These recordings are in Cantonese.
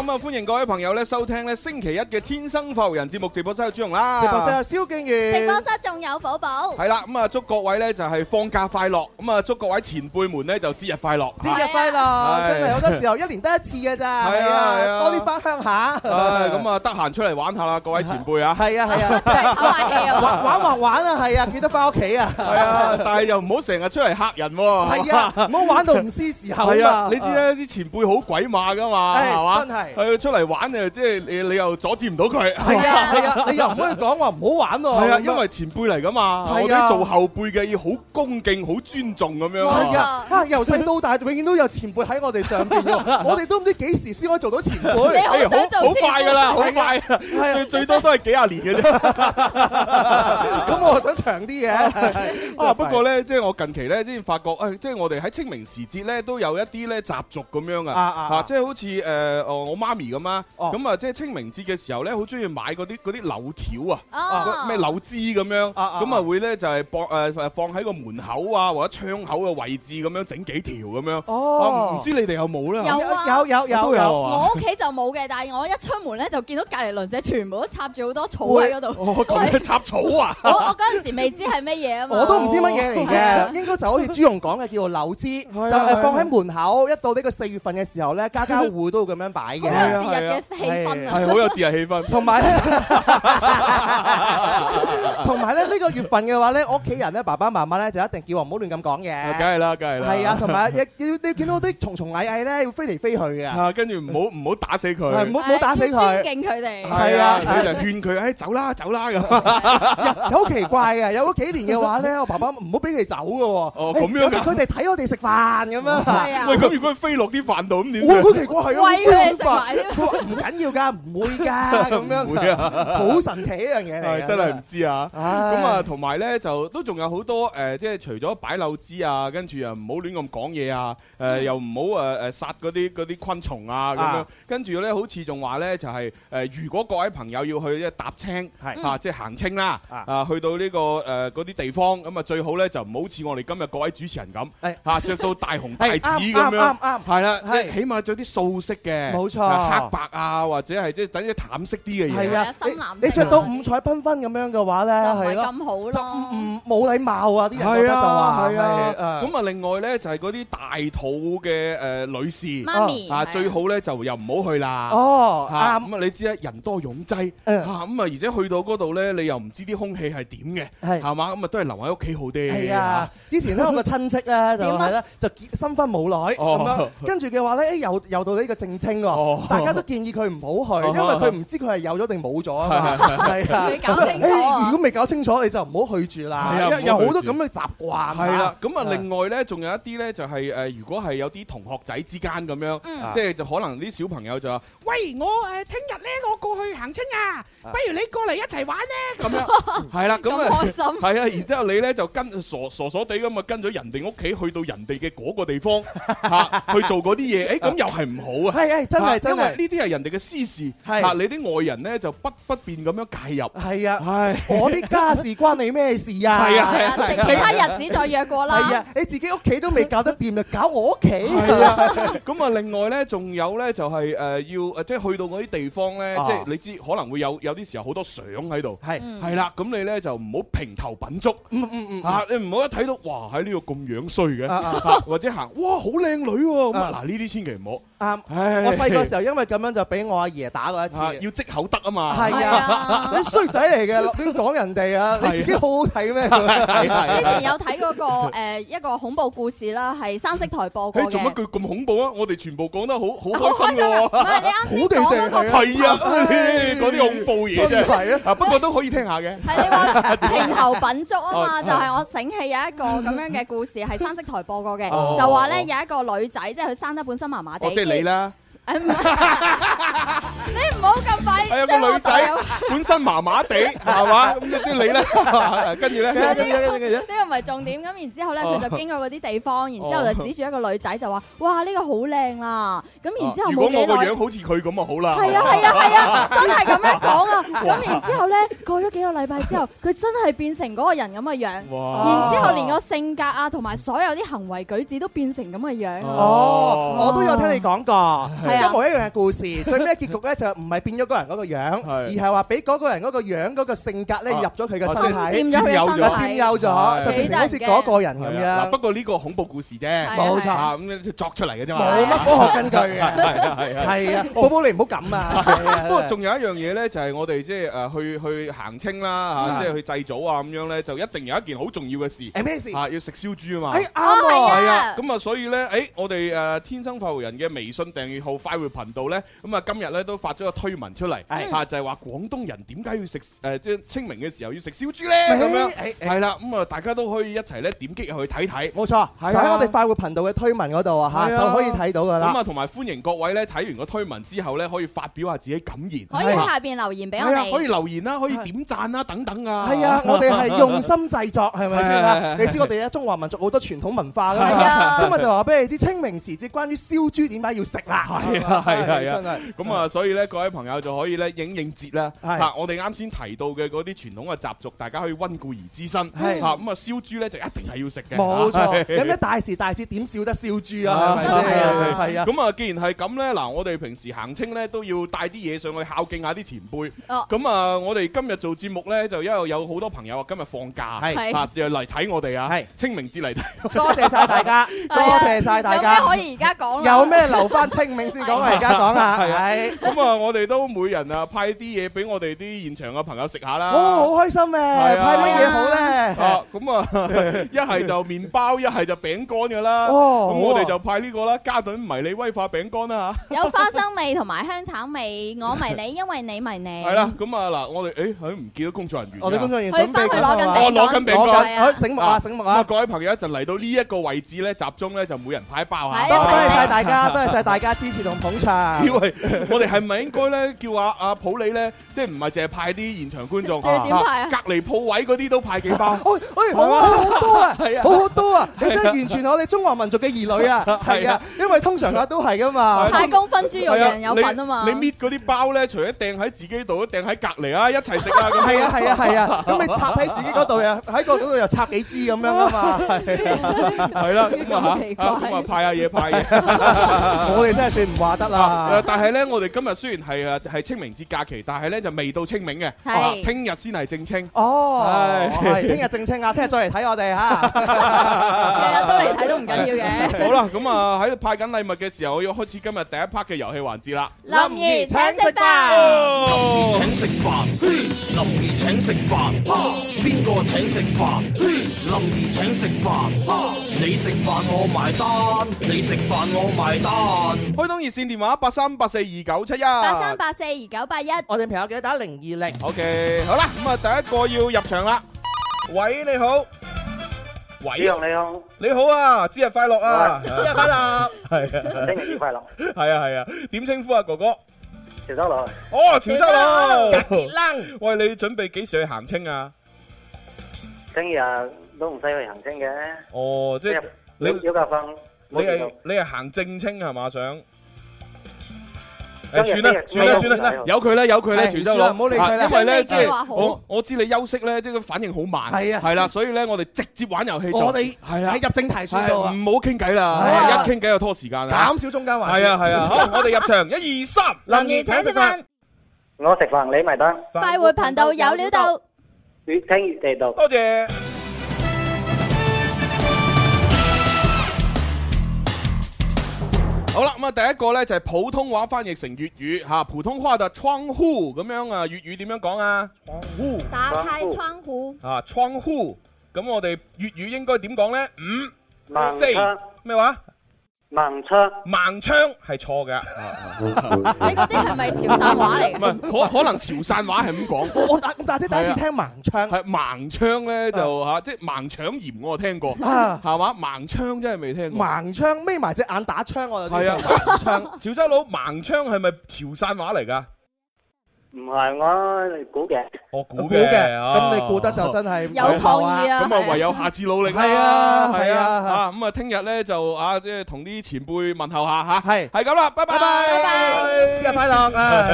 咁啊，歡迎各位朋友咧收聽咧星期一嘅《天生快活人》節目，直播室嘅朱融啦，直播室啊，蕭敬如，直播室仲有寶寶，係啦，咁啊，祝各位咧就係放假快樂，咁啊，祝各位前輩們咧就節日快樂，節日快樂，真係好多時候一年得一次嘅咋，係啊，多啲翻鄉下，誒，咁啊，得閒出嚟玩下啦，各位前輩啊，係啊係啊，玩玩玩啊，係啊，記得翻屋企啊，係啊，但係又唔好成日出嚟嚇人，係啊，唔好玩到唔知時候，係啊，你知咧啲前輩好鬼馬噶嘛，係嘛，真係。係佢出嚟玩誒，即係你你又阻止唔到佢。係啊，係啊，你又唔可以講話唔好玩喎。係啊，因為前輩嚟噶嘛，我哋做後輩嘅要好恭敬、好尊重咁樣。冇錯，由細到大，永遠都有前輩喺我哋上邊。我哋都唔知幾時先可以做到前輩。你好想做前輩？好快噶啦，好快。最最多都係幾廿年嘅啫。咁我想長啲嘅。不過咧，即係我近期咧，先發覺誒，即係我哋喺清明時節咧，都有一啲咧習俗咁樣啊。即係好似誒，我。媽咪咁啊，咁啊，即係清明節嘅時候咧，好中意買嗰啲嗰啲柳條啊，咩柳枝咁樣，咁啊會咧就係放誒放喺個門口啊或者窗口嘅位置咁樣整幾條咁樣，唔知你哋有冇啦？有啊有有有，我屋企就冇嘅，但係我一出門咧就見到隔籬鄰舍全部都插住好多草喺嗰度，咁插草啊！我我嗰陣時未知係乜嘢啊嘛，我都唔知乜嘢嚟嘅，應該就好似朱融講嘅叫做柳枝，就係放喺門口，一到呢個四月份嘅時候咧，家家戶戶都會咁樣擺嘅。好有節日嘅氣氛，係好有節日氣氛。同埋咧，同埋咧呢個月份嘅話咧，我屋企人咧爸爸媽媽咧就一定叫我唔好亂咁講嘢。梗係啦，梗係啦。係啊，同埋要要你見到啲蟲蟲蟻蟻咧，要飛嚟飛去嘅。係，跟住唔好唔好打死佢，唔好唔好打死佢。尊敬佢哋。係啊，佢就勸佢，誒走啦，走啦咁。有好奇怪嘅，有咗幾年嘅話咧，我爸爸唔好俾佢走㗎喎。哦，咁樣嘅。佢哋睇我哋食飯咁啊。係啊。喂，咁如果飛落啲飯度咁點？好奇怪係啊。喂，佢哋食。唔緊要噶，唔會噶，咁樣唔會啊，好神奇一樣嘢嚟，真係唔知啊。咁啊，同埋咧就都仲有好多誒，即係除咗擺柳枝啊，跟住啊唔好亂咁講嘢啊，誒又唔好誒誒殺嗰啲嗰啲昆蟲啊咁樣。跟住咧好似仲話咧就係誒，如果各位朋友要去咧踏青，係啊，即係行青啦，啊去到呢個誒嗰啲地方，咁啊最好咧就唔好似我哋今日各位主持人咁，係啊著到大紅大紫咁樣，啱啱啱，係啦，起碼著啲素色嘅，冇錯。黑白啊，或者係即係整啲淡色啲嘅嘢。係啊，深藍色你着到五彩繽紛咁樣嘅話咧，就唔係咁好咯。就唔冇禮貌啊！啲人覺得，就話係啊。咁啊，另外咧就係嗰啲大肚嘅誒女士，媽咪啊，最好咧就又唔好去啦。哦，咁啊，你知啊，人多擁擠咁啊，而且去到嗰度咧，你又唔知啲空氣係點嘅，係係嘛？咁啊，都係留喺屋企好啲。係啊，之前咧我個親戚咧就係咧就結新婚冇耐咁樣，跟住嘅話咧，誒又又到呢個正清喎。大家都建議佢唔好去，因為佢唔知佢係有咗定冇咗。係啊，如果未搞清楚，你就唔好去住啦。有好多咁嘅習慣。係啊，咁啊，另外咧，仲有一啲咧，就係誒，如果係有啲同學仔之間咁樣，即係就可能啲小朋友就話，喂，我誒聽日咧，我過去行清啊，不如你過嚟一齊玩咧。咁樣係啦，咁啊，開心，係啊，然之後你咧就跟傻傻傻地咁啊，跟咗人哋屋企去到人哋嘅嗰個地方嚇，去做嗰啲嘢，誒咁又係唔好啊。係係，真係。因為呢啲係人哋嘅私事，嚇你啲外人咧就不不便咁樣介入。係啊，係我啲家事關你咩事呀？係啊，係啊，其他日子再約過啦。係啊，你自己屋企都未搞得掂，又搞我屋企。係啊，咁啊，另外咧，仲有咧，就係誒要，即係去到嗰啲地方咧，即係你知可能會有有啲時候好多相喺度。係，係啦，咁你咧就唔好評頭品足，嗯嗯嗯，嚇你唔好一睇到哇喺呢度咁樣衰嘅，或者行哇好靚女喎咁啊，嗱呢啲千祈唔好。啱，我細個。就因為咁樣就俾我阿爺打過一次，要積口德啊嘛。係啊，你衰仔嚟嘅，你講人哋啊，你自己好好睇咩？之前有睇嗰個誒一個恐怖故事啦，係三色台播過嘅。你做乜佢咁恐怖啊？我哋全部講得好好好開心喎。唔係你啱先講嗰個係啊，嗰啲恐怖嘢啫。係啊，不過都可以聽下嘅。係你話平頭品足啊嘛，就係我醒起有一個咁樣嘅故事，係三色台播過嘅，就話咧有一個女仔，即係佢生得本身麻麻地。即係你啦。你唔好咁快，即係女仔本身麻麻地，係嘛，即係你咧，跟住咧呢個唔係重點。咁然之後咧，佢就經過嗰啲地方，然之後就指住一個女仔就話，哇，呢個好靚啦！咁然之後，如果我個樣好似佢咁啊，好啦，係啊，係啊，係啊，真係咁樣講啊！咁然之後咧，過咗幾個禮拜之後，佢真係變成嗰個人咁嘅樣，哇！然之後連個性格啊，同埋所有啲行為舉止都變成咁嘅樣。哦，我都有聽你講過。都模一樣嘅故事，最尾結局咧就唔係變咗嗰人嗰個樣，而係話俾嗰個人嗰個樣嗰個性格咧入咗佢嘅身體，佔有咗，佔有咗就變咗好似嗰個人咁樣。不過呢個恐怖故事啫，冇錯咁樣作出嚟嘅啫嘛，冇乜科學根據嘅，係啊係啊，係啊！寶寶你唔好咁啊。不過仲有一樣嘢咧，就係我哋即係誒去去行清啦，即係去祭祖啊咁樣咧，就一定有一件好重要嘅事，係咩事啊？要食燒豬啊嘛，啱啊，係啊。咁啊，所以咧，誒我哋誒天生快活人嘅微信訂閱號。快活頻道咧，咁啊今日咧都發咗個推文出嚟，啊就係話廣東人點解要食誒即係清明嘅時候要食燒豬咧咁樣，係啦，咁啊大家都可以一齊咧點擊入去睇睇，冇錯，就喺我哋快活頻道嘅推文嗰度啊嚇，就可以睇到噶啦。咁啊同埋歡迎各位咧睇完個推文之後咧，可以發表下自己感言，可以下邊留言俾我，可以留言啦，可以點讚啦等等啊。係啊，我哋係用心製作係咪先？你知我哋啊中華民族好多傳統文化咁啊，今日就話俾你知清明時節關於燒豬點解要食啦。係係啊，真係。咁啊，所以咧，各位朋友就可以咧，影影節啦。係，我哋啱先提到嘅嗰啲傳統嘅習俗，大家可以温故而知新。吓，咁啊，燒豬咧就一定係要食嘅。冇錯，咁咧大時大節點少得燒豬啊？係啊，係啊。咁啊，既然係咁咧，嗱，我哋平時行清咧都要帶啲嘢上去孝敬下啲前輩。哦。咁啊，我哋今日做節目咧，就因為有好多朋友啊，今日放假係啊，嚟睇我哋啊。係。清明節嚟睇，多謝晒大家，多謝晒大家。有咩可以而家講？有咩留翻清明先？講而家講啦，係咁啊！我哋都每人啊派啲嘢俾我哋啲現場嘅朋友食下啦。哦，好開心嘅，派乜嘢好咧？啊，咁啊，一係就麵包，一係就餅乾嘅啦。哦，咁我哋就派呢個啦，加頓迷你威化餅乾啦嚇。有花生味同埋香橙味，我迷你，因為你迷你。係啦，咁啊嗱，我哋誒佢唔見到工作人員。我哋工作人員準備緊啦。佢翻去攞緊餅乾。我攞緊餅乾。醒目啊！醒目啊！各位朋友一陣嚟到呢一個位置咧，集中咧就每人派包嚇。多謝大家，多謝大家支持。捧場，因為我哋係咪應該咧，叫阿阿普利咧，即係唔係淨係派啲現場觀眾，點派啊？隔籬鋪位嗰啲都派幾包。哎好好多啊，係啊好好多啊，你真係完全我哋中華民族嘅兒女啊，係啊，因為通常啊都係噶嘛，太公分豬肉人有份啊嘛，你搣嗰啲包咧，除咗掟喺自己度，都掟喺隔籬啊，一齊食啊，係啊係啊係啊，咁你插喺自己嗰度啊，喺個嗰度又插幾支咁樣啊嘛，係啦，咁啊吓，咁啊派下嘢派嘢，我哋真係算唔。話得啦，啊呃，但係呢，我哋今日雖然係誒係清明節假期，但係呢就未到清明嘅，係聽日先係正清。哦，係聽日正清啊！聽日再嚟睇我哋嚇。 都唔緊要嘅。 好啦，咁啊喺派緊禮物嘅時候，我要開始今日第一 part 嘅遊戲環節啦。林兒請食飯，請食飯，林兒請食飯，邊個請食飯？林兒請食飯，你食飯我埋單，你食飯我埋單。開通熱線電話八三八四二九七一，八三八四二九八一。我哋朋友記得打零二零。OK，好啦，咁啊第一個要入場啦。喂，你好。喂，你好，你好啊，節日快樂啊，節日快樂，係啊，清明節快樂，係啊係啊，點稱、？ 啊啊啊啊、呼啊哥哥？潮州佬！哦，潮州佬！喂，你準備幾時去行清啊？聽日都唔使去行清嘅，啊。哦，即係你小格粉，你係你係行正清係嘛想？算啦，算啦，算啦，由佢啦，由佢啦，全得攞。唔好理佢啦，因為咧，即係我我知你休息咧，即係個反應好慢。係啊，係啦，所以咧，我哋直接玩遊戲做。我哋係啦，入正題先做。唔好傾偈啦，一傾偈就拖時間啦。減少中間環。係啊，係啊，好，我哋入場，一二三，林怡請先啦。我食飯，你埋單。快活頻道有料到，越聽越地道。多謝。好啦，咁、嗯、啊，第一個咧就係、是、普通話翻譯成粵語吓、啊，普通話就係窗戶咁樣啊，粵語點樣講啊？窗戶，打開窗戶啊，窗戶，咁我哋粵語應該點講咧？五四咩話？盲槍，盲槍係錯嘅。你嗰啲係咪潮汕話嚟？唔係，可可能潮汕話係咁講。我大我大姐第一次聽盲槍， 係、啊、 盲槍咧就吓，即係盲腸炎，我聽過吓，係嘛？盲槍真係未聽過。盲槍眯埋隻眼打槍，我係啊。盲槍， 盲盲盲是是潮州佬盲槍係咪潮汕話嚟噶？唔係我估嘅，我估嘅，咁你估得就真係有創意啊！咁啊，唯有下次努力。係啊，係啊，吓咁啊，聽日咧就啊，即係同啲前輩問候下吓，係係咁啦，拜拜拜，節日快樂啊！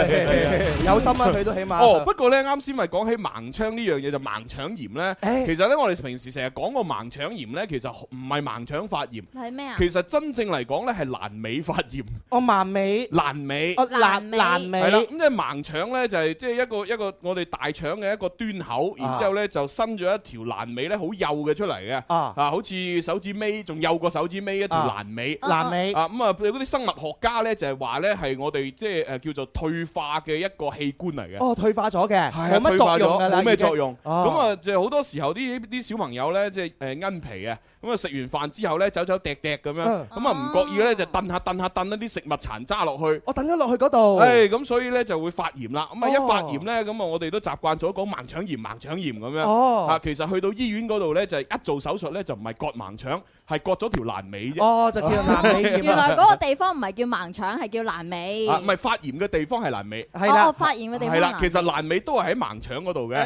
有心啊，佢都起碼。哦，不過咧，啱先咪講起盲腸呢樣嘢，就盲腸炎咧。其實咧，我哋平時成日講個盲腸炎咧，其實唔係盲腸發炎，係咩啊？其實真正嚟講咧，係闌尾發炎。哦，闌尾。闌尾。哦，闌闌尾。係啦，咁即係盲腸咧。就係即係一個一個我哋大腸嘅一個端口，然之後咧就伸咗一條闌尾咧好幼嘅出嚟嘅啊，好似手指尾，仲幼過手指尾一條闌尾，闌尾啊咁啊，嗰啲生物學家咧就係話咧係我哋即係誒叫做退化嘅一個器官嚟嘅。哦，退化咗嘅。係啊，退化咗冇咩作用，咁啊就好多時候啲啲小朋友咧即係誒奀皮啊，咁啊食完飯之後咧走走趯趯咁樣，咁啊唔覺意咧就掟下掟下掟一啲食物殘渣落去，我掟咗落去嗰度，誒咁所以咧就會發炎啦。咁一發炎呢，咁啊、oh. 我哋都習慣咗講盲腸炎、盲腸炎咁樣。哦，oh. 其實去到醫院嗰度呢，就係一做手術呢，就唔係割盲腸。係割咗條闌尾啫，哦，就叫做闌尾炎啊！原來嗰個地方唔係叫盲腸，係叫闌尾。唔係發炎嘅地方係闌尾，係啦，發炎嘅地方係啦。其實闌尾都係喺盲腸嗰度嘅。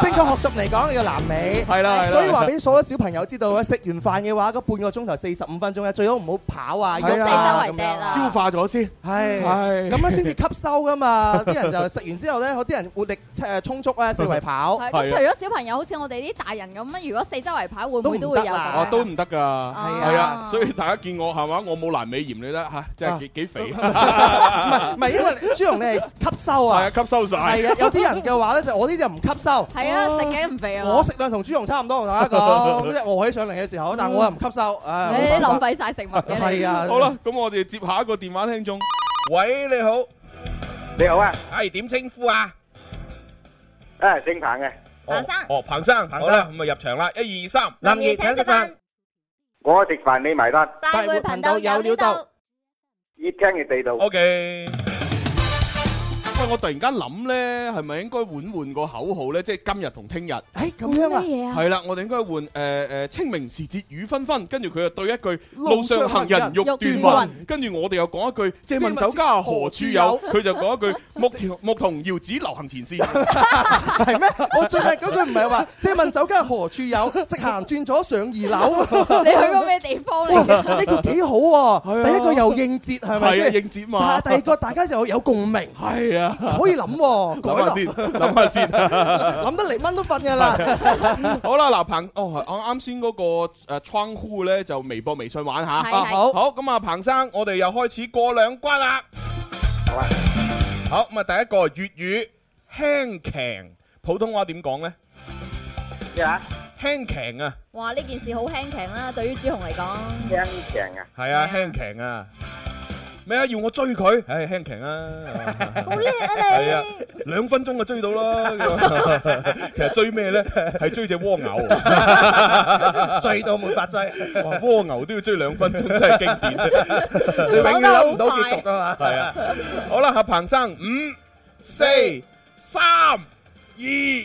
正確學術嚟講叫闌尾，係啦。所以話俾所有小朋友知道啊！食完飯嘅話，嗰半個鐘頭四十五分鐘啊，最好唔好跑啊！如果四周圍跑，消化咗先，係咁樣先至吸收噶嘛。啲人就食完之後咧，有啲人活力誒充足啊，四圍跑。咁除咗小朋友，好似我哋啲大人咁啊，如果四周圍跑，會唔會都？哦，都唔得噶，係啊，所以大家見我係嘛，我冇闌尾炎你得吓，即係幾幾肥。唔係唔係，因為豬紅你係吸收啊，係啊，吸收晒。係啊，有啲人嘅話咧就我呢啲就唔吸收。係啊，食嘅唔肥啊。我食量同豬紅差唔多，大家講，即係餓起上嚟嘅時候，但係我又唔吸收。唉，你浪費晒食物嘅。係啊。好啦，咁我哋接下一個電話聽眾。喂，你好，你好啊，係點稱呼啊？誒，姓彭嘅。彭、哦、生，哦彭生，好啦，咁咪入場啦，一二三，林怡，請食飯，我食飯你埋單，快活頻道有料到，越聽越地道，O K。Okay. 我突然間諗咧，係咪應該換換個口號咧？即係今日同聽日，哎，咁樣啊，係啦，我哋應該換誒誒清明時節雨紛紛，跟住佢就對一句路上行人欲斷魂，跟住我哋又講一句借問酒家何處有，佢就講一句牧童牧童遙指流行前線，係咩？我最尾嗰句唔係話借問酒家何處有，直行轉咗上二樓。你去過咩地方嚟？呢個幾好喎，第一個又應節係咪？係啊，應節嘛。第二個大家又有共鳴，係啊。可以諗喎，諗下先，諗下先，諗得嚟蚊都瞓噶啦。好啦，嗱彭哦，啱啱先嗰個誒窗戶咧，就微博微信玩下，好，好咁啊，彭生，我哋又開始過兩關啦。好啊，好咁啊，第一個粵語輕強，普通話點講咧？咩啊？輕強啊！哇，呢件事好輕強啦，對於朱紅嚟講，輕強啊，係啊，輕強啊。咩啊？要我追佢？唉，輕強啊！好叻啊你！係啊，兩分鐘就追到啦，啊。其實追咩咧？係追隻蝸牛， 追到冇法追。蝸牛都要追兩分鐘，真係經典。你永遠諗唔到結局㗎嘛！係啊。好啦，阿彭生，五、四、三、二、一，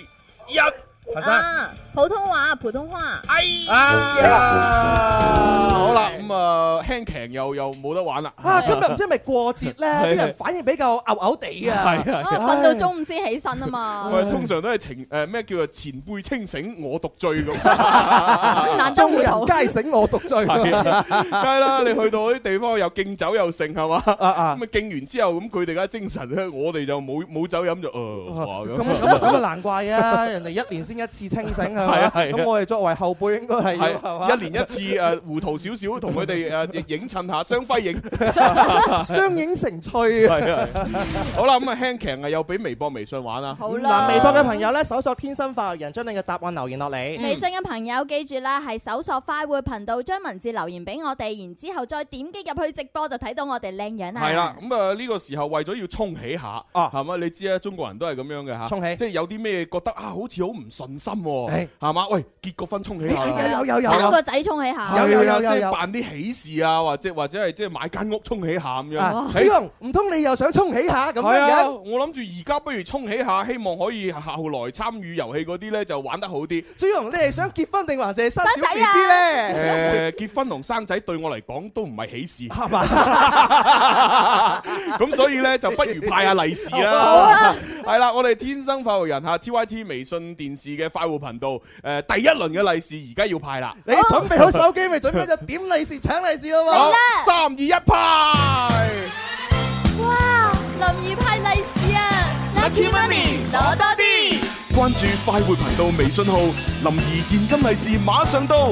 彭生。普通話啊，普通話啊，哎啊好啦咁啊，輕強又又冇得玩啦。啊今日唔知係咪過節咧，啲人反應比較嘔嘔地啊。係啊，瞓到中午先起身啊嘛。我哋通常都係情誒咩叫做前輩清醒我獨醉咁。眼中冇油，梗係醒我獨醉。梗係啦，你去到啲地方又敬酒又盛係嘛？啊啊咁敬完之後咁佢哋嘅精神咧，我哋就冇冇酒飲就誒話咁。咁啊咁啊難怪啊，人哋一年先一次清醒。係啊係，咁我哋作為後輩，應該係一年一次誒，糊塗少少同佢哋誒影襯下，雙輝影，雙影成趣啊！好啦，咁啊 Henry 啊，又俾微博、微信玩啊！好啦，微博嘅朋友咧，搜索天生發育人，將你嘅答案留言落嚟；微信嘅朋友，記住啦，係搜索快活頻道，將文字留言俾我哋，然之後再點擊入去直播，就睇到我哋靚樣啊！係啦，咁啊，呢個時候為咗要沖起下啊，係嘛？你知啊，中國人都係咁樣嘅嚇，沖起，即係有啲咩覺得啊，好似好唔信心。係嘛？喂，結個婚，沖喜下，有個仔，沖喜下，有有有，即係辦啲喜事啊，或者或者係即係買間屋沖喜下咁樣。朱雄，唔通你又想沖喜下咁樣？我諗住而家不如沖喜下，希望可以後來參與遊戲嗰啲咧就玩得好啲。朱雄，你係想結婚定還是生仔 B B 咧？誒，結婚同生仔對我嚟講都唔係喜事，係嘛？咁所以咧就不如派下利是啦。係啦，我哋天生快活人吓，T Y T 微信電視嘅快活頻道。誒、呃，第一輪嘅利是而家要派啦！你準備好手機未？ 準備就點利是搶利是咯！ 好啦，三二一派！哇，林怡派利是啊！Lucky money，攞多啲 ！關注快活頻道微信號，林怡現金利是馬上到。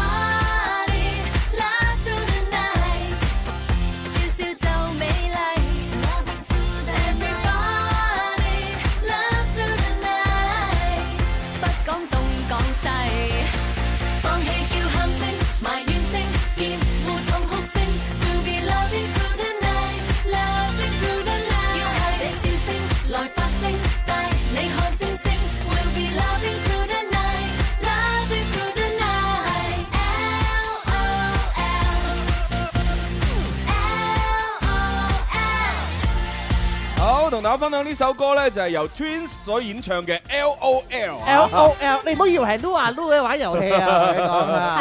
分享呢首歌咧，就係由 Twins 所演唱嘅 L.O.L. L.O.L.、啊、你唔好以為係 lu 啊 lu 嘅玩遊戲啊，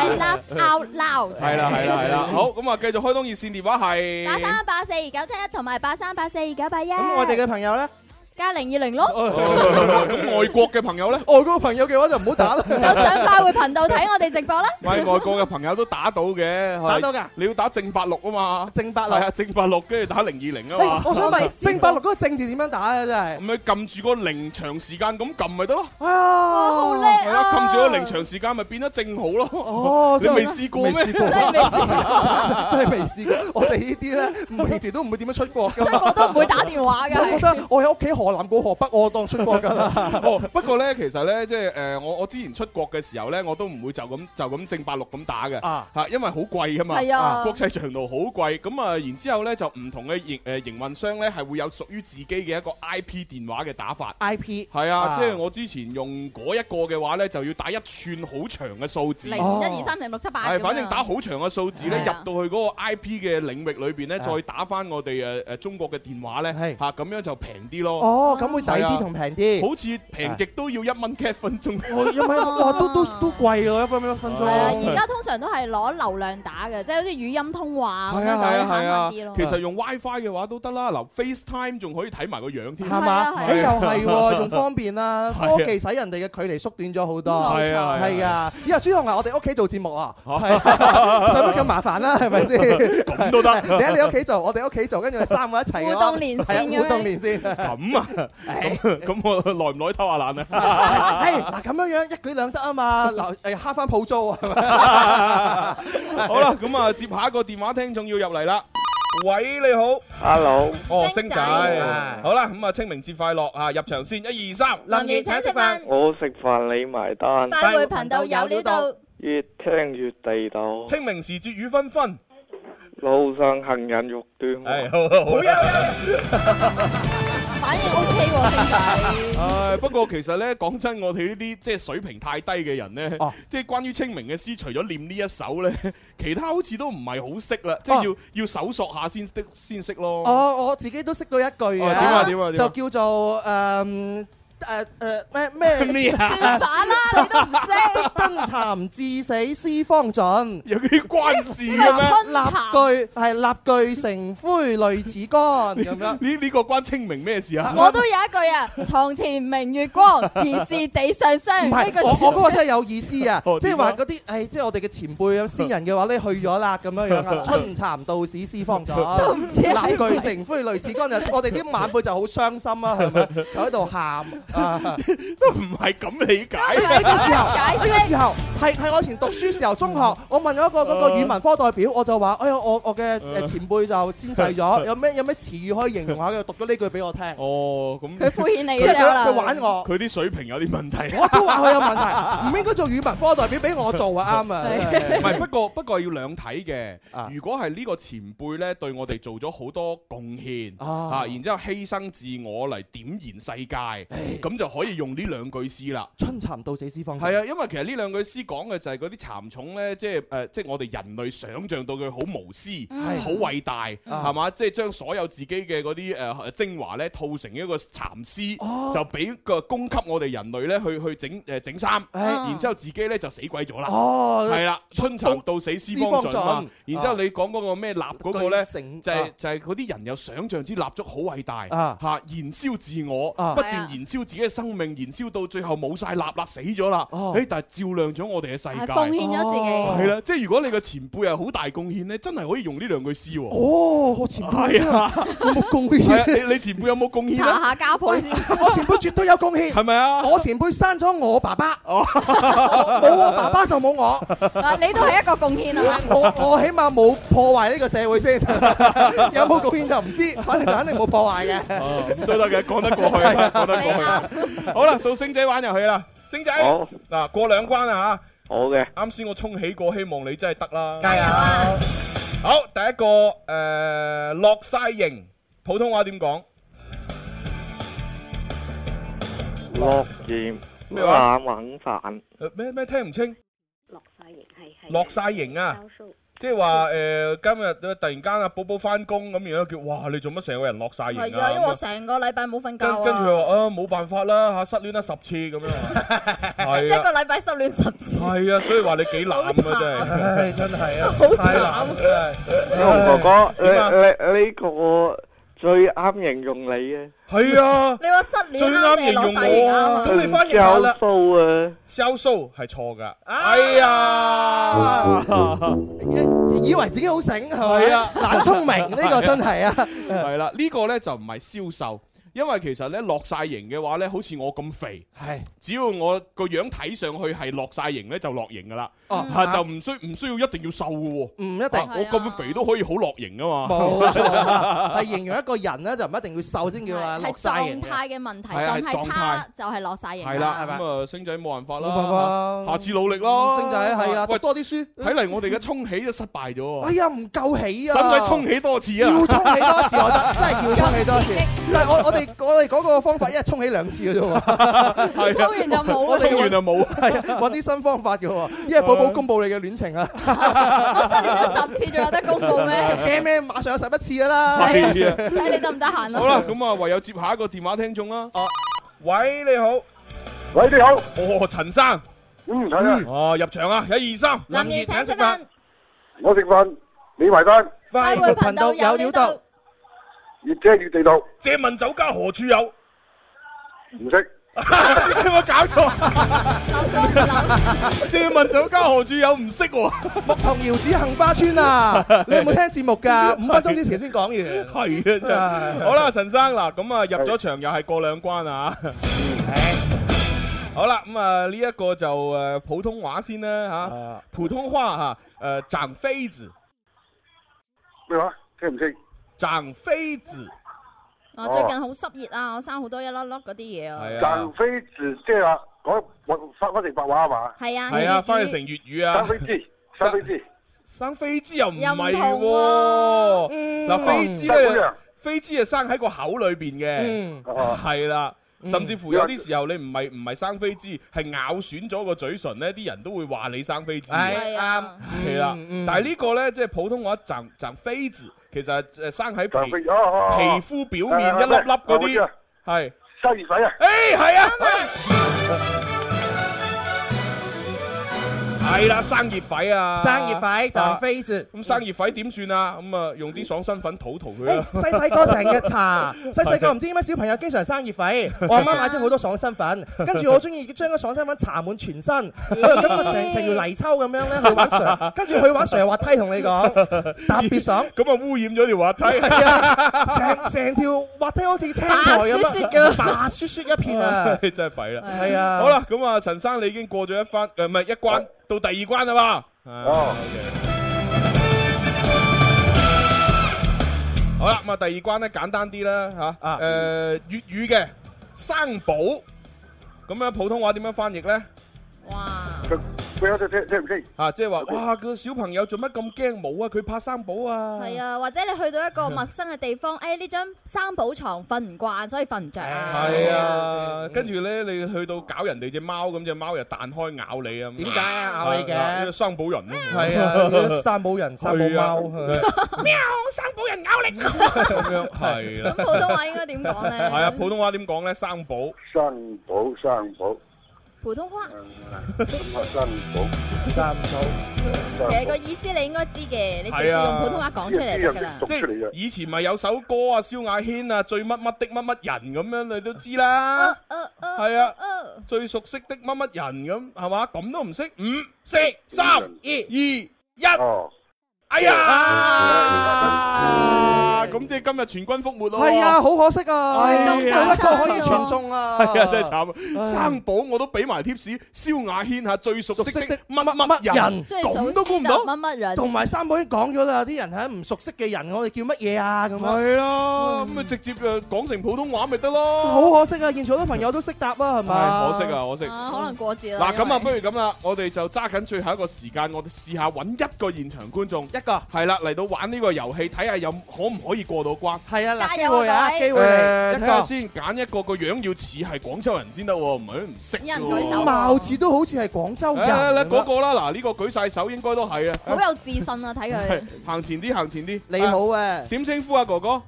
係啦，laugh out loud，係啦，係啦， 係啦，好，咁啊，繼續開通熱線電話係八三八四二九七一同埋八三八四二九八一，咁、yeah. 我哋嘅朋友咧。加零二零咯，咁外國嘅朋友咧，外國嘅朋友嘅話就唔好打啦。就上快活頻道睇我哋直播啦。喂，外國嘅朋友都打到嘅，打到噶。你要打正八六啊嘛，正八六係啊，正八六跟住打零二零啊嘛。我想問，正八六嗰個正字點樣打啊？真係咁你撳住嗰個零長時間咁撳咪得咯。啊，好叻啊！撳住個零長時間咪變得正好咯。哦，你未試過咩？真係未試過，真係未試過。我哋呢啲咧，平時都唔會點樣出國。出國都唔會打電話嘅。我覺得我喺屋企學。南國河北，我當出國噶啦。哦，不過咧，其實咧，即係誒，我我之前出國嘅時候咧，我都唔會就咁就咁正八六咁打嘅。啊，因為好貴啊嘛。係啊。國際長度好貴，咁啊，然之後咧就唔同嘅營誒營運商咧係會有屬於自己嘅一個 IP 電話嘅打法。IP 係啊，即係我之前用嗰一個嘅話咧，就要打一串好長嘅數字。零一二三四六七八。係，反正打好長嘅數字咧，入到去嗰個 IP 嘅領域裏邊咧，再打翻我哋誒誒中國嘅電話咧，係咁樣就平啲咯。哦，咁會抵啲同平啲，好似平極都要一蚊幾分鐘，一蚊都都都貴咯，一分一分鐘。係啊，而家通常都係攞流量打嘅，即係好似語音通話咁樣就慳翻啲咯。其實用 WiFi 嘅話都得啦，嗱 FaceTime 仲可以睇埋個樣添，係嘛？又係喎，仲方便啦，科技使人哋嘅距離縮短咗好多，係啊係啊，係啊。咦啊，朱紅啊，我哋屋企做節目啊，使乜咁麻煩啦？係咪先？咁都得，你喺你屋企做，我哋屋企做，跟住三個一齊互動連線嘅，互咁咁我耐唔耐偷下懶啊？哎，嗱咁樣樣一舉兩得啊嘛，嗱誒慳翻鋪租啊，係咪？好啦，咁啊接下一個電話聽眾要入嚟啦。喂，你好，Hello，哦，星仔，好啦，咁啊清明節快樂啊！入場先，一二三，林怡請食飯，我食飯你埋單，大匯頻道有料到，越聽越地道。清明時節雨紛紛，路上行人欲斷。哎，好，好，好。反而 OK 喎，啊，其實。誒、 哎，不過其實咧，講真，我哋呢啲即係水平太低嘅人咧，啊、即係關於清明嘅詩，除咗念呢一首咧，其他好似都唔係好識啦，即係要、啊、要搜索下先識先識咯。哦、啊，我自己都識到一句啊。點啊點啊，啊就叫做誒。呃誒誒咩咩算法啦，你都唔識。春蠶至死絲方盡，有啲關事，春句係蠟炬成灰淚始乾咁樣。呢呢個關清明咩事啊？我都有一句啊，床前明月光，疑是地上霜。唔係，我我嗰個真係有意思啊！即係話嗰啲誒，即係我哋嘅前輩有先人嘅話咧去咗啦，咁樣樣啊。春蠶到死絲方盡，蠟炬成灰淚始乾，就我哋啲晚輩就好傷心啦，係咪？就喺度喊。都唔係咁理解。呢個時候，呢個時候係係我以前讀書時候，中學我問咗一個嗰個語文科代表，我就話：，我我我嘅前輩就先逝咗，有咩有咩詞語可以形容下？佢讀咗呢句俾我聽。哦，咁佢敷衍你嘅。佢玩我，佢啲水平有啲問題。我都話佢有問題，唔應該做語文科代表，俾我做啊啱啊。唔係，不過不過要兩睇嘅。如果係呢個前輩呢，對我哋做咗好多貢獻啊，然之後犧牲自我嚟點燃世界，咁就可以用呢兩句詩啦。春蠶到死絲方盡。係啊，因為其實呢兩句詩講嘅就係嗰啲蠶蟲呢，即係誒，即係我哋人類想象到佢好無私、好偉大，係嘛？即係將所有自己嘅嗰啲誒精華呢，套成一個蠶絲，就俾個供給我哋人類呢去去整誒整衫。然之後自己呢就死鬼咗啦。哦，係啦，春蠶到死絲方盡啊！然之後你講嗰個咩蠟嗰個咧，就係就係嗰啲人有想象之蠟燭好偉大嚇，燃燒自我，不斷燃燒。自己嘅生命燃燒到最後冇晒立立死咗啦，但係照亮咗我哋嘅世界，係貢獻咗自己，係啦，即係如果你嘅前輩係好大貢獻咧，真係可以用呢兩句詩喎。哦，我前輩係冇貢獻，你前輩有冇貢獻？查下家譜先，我前輩絕對有貢獻，係咪啊？我前輩生咗我爸爸，冇我爸爸就冇我。嗱，你都係一個貢獻啊！我我起碼冇破壞呢個社會先，有冇貢獻就唔知，反正就肯定冇破壞嘅，都得嘅，講得過去，講得過去。好啦，到星仔玩遊戲啦，星仔，嗱，過兩關啊吓，好嘅，啱先我衝起過，希望你真係得啦，加油啦，好，第一個誒落晒型，普通話點講？落劍咩話？晚飯？咩咩聽唔清？落晒型係係落晒型啊！即係話誒，今日突然間阿寶寶翻工咁，然後叫哇，你做乜成個人落晒鹽啊，啊？因為我成個禮拜冇瞓覺，跟住佢話啊，冇、啊、辦法啦嚇，失戀得十次咁樣。係、 啊、一個禮拜失戀十次。係啊，所以話你幾懶啊真係、 啊，真係、哎、啊，好懶 啊！你同哥哥，你你呢、呢個。最啱形容你啊！係啊，你話失戀，最啱形容你咁，你翻譯下啦，銷售係錯噶，係啊，以以為自己好醒係咪啊？難聰明呢個真係啊，係啦，呢個咧就唔係銷售。因為其實咧落晒型嘅話咧，好似我咁肥，只要我個樣睇上去係落晒型咧，就落型噶啦，吓就唔需唔需要一定要瘦嘅喎。唔一定，我咁肥都可以好落型噶嘛。係形容一個人咧，就唔一定要瘦先叫啊落晒型。狀態嘅問題，狀態差就係落晒型。係啦，咁啊星仔冇辦法啦，下次努力咯。星仔係啊，喂多啲書。睇嚟我哋嘅衝起都失敗咗。哎呀，唔夠起啊！使唔使衝起多次啊？要衝起多次，我得真係要衝起多次。但係我我哋。我哋嗰個方法一係沖起兩次嘅啫嘛，沖完就冇啦。沖完就冇，係啊，搵啲新方法嘅喎，因為寶寶公布你嘅戀情啊！我失戀咗十次仲有得公布咩？驚咩？馬上有十一次嘅啦，睇你得唔得閒咯？好啦，咁啊，唯有接下一個電話聽眾啦。啊，喂，你好，喂，你好，哦，陳生，嗯，陳生，哦，入場啊，一二三，林如，請食飯，我食飯，你埋單，快活，頻道有料到。越聽越地道。借問酒家何處有？唔識會。有冇 搞錯。借問 酒家何處有？唔識。牧童遙指杏花村啊！你有冇聽節目噶？的五分鐘之前先講完。係啊，好啦，陳生嗱，咁啊入咗場又係過兩關啊。嗯的。好啦，咁啊呢一個就誒普通話先啦、啊、吓。普通話哈，誒長痱子。咩話？聽唔清。生痱子，啊最近好濕熱啊，我生好多一粒粒嗰啲嘢啊。生痱子即係話，我翻翻成白話係嘛？係啊，係啊，翻成粵語啊。生痱子，生痱生痱子又唔係，啊。嗱痱子咧，痱子係生喺個口裏邊嘅，係啦、嗯。嗯、甚至乎有啲時候你唔係唔係生飛滋，係咬損咗個嘴唇咧，啲人都會話你生飛滋。係啊，OK 啦。但係呢個咧，即係普通話站站飛字」，其實係生喺皮皮皮膚表面一粒粒嗰啲，係生熱水啊。誒、欸，係啊。 係啦，生熱痱啊！生熱痱就飛住咁，生熱痱點算啊？咁啊，用啲爽身粉塗塗佢。細細個成日搽，細細個唔知點解小朋友經常生熱痱。我阿媽買咗好多爽身粉，跟住我中意將個爽身粉搽滿全身，咁啊成成條泥鰍咁樣咧去玩水，跟住去玩水滑梯同你講，特別爽。咁啊，污染咗條滑梯。係啊，成成條滑梯好似青苔嘅，白雪雪一片啊！真係弊啦。係啊。好啦，咁啊，陳生你已經過咗一番，誒，唔係一關。到第二關啦嘛，oh. 啊 okay. 好嘅，好啦，咁啊，第二關咧簡單啲啦嚇，啊，誒、啊呃、粵語嘅生寶，咁、啊、樣普通話點樣翻譯咧？哇啊，即係話哇，個小朋友做乜咁驚冇啊？佢怕生寶啊？係啊，或者你去到一個陌生嘅地方，誒，呢張生寶床瞓唔慣，所以瞓唔着。係啊，跟住咧，你去到搞人哋隻貓咁，隻貓又彈開咬你啊？點解啊？咬你嘅生寶人，係啊，生寶人生寶貓，喵，生寶人咬你咁樣，係啦。咁普通話應該點講咧？係啊，普通話點講咧？生寶，生寶，生寶。普通話， 其實個意思，你應該知嘅，你直接用普通話講出嚟就得噶啦。即係以前咪有首歌啊，蕭亞軒啊，最乜乜的乜乜人咁樣，你都知啦。係、哦哦哦、啊，最熟悉的乜乜人咁，係嘛？咁都唔識。五、四、哦、三、二、二、一。哎呀，咁即係今日全軍覆沒咯！係啊，好可惜啊，冇一個可以全中啊！係啊，真係慘啊！三寶我都俾埋貼士，蕭亞軒下最熟悉的乜乜乜乜人，咁都估唔到乜乜人，同埋三寶已經講咗啦，啲人係唔熟悉嘅人，我哋叫乜嘢啊？咁啊係咯，咁啊直接啊講成普通話咪得咯！好可惜啊，現場好多朋友都識答啊，係嘛？可惜啊，可惜啊，可能過節啦。嗱，咁啊，不如咁啦，我哋就揸緊最後一個時間，我哋試下揾一個現場觀眾一個係啦，嚟到玩呢個遊戲，睇下有可唔可以過到關。係啊，加油啊！機會嚟，睇下先，揀一個個樣要似係廣州人先得，唔係唔識。有人舉手，貌似都好似係廣州人。嗰個啦，嗱呢個舉晒手應該都係啊。好有自信啊，睇佢行前啲，行前啲。你好啊，點稱呼啊哥哥？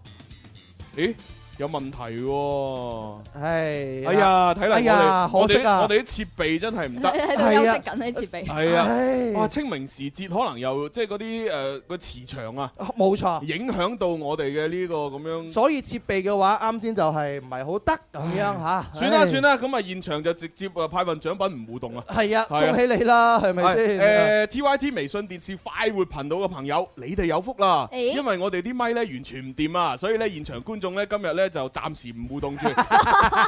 咦？有問題喎！係，哎呀，睇嚟可惜啊，我哋我哋啲設備真係唔得，喺度休息緊喺設備，係啊，哇！清明時節可能又即係嗰啲誒個磁場啊，冇錯，影響到我哋嘅呢個咁樣，所以設備嘅話，啱先就係唔係好得咁樣嚇？算啦算啦，咁啊現場就直接啊派份獎品唔互動啊，係啊，恭喜你啦，係咪先？誒 T Y T 微信電視快活頻道嘅朋友，你哋有福啦，因為我哋啲咪咧完全唔掂啊，所以咧現場觀眾咧今日咧。就暫時唔互動住，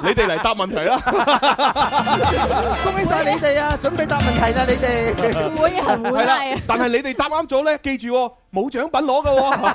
你哋嚟答問題啦！ 恭喜晒你哋啊，喂準備答問題啦、啊，你哋唔 會係啦。會了 但係你哋答啱咗咧， 記住、哦。冇獎品攞噶，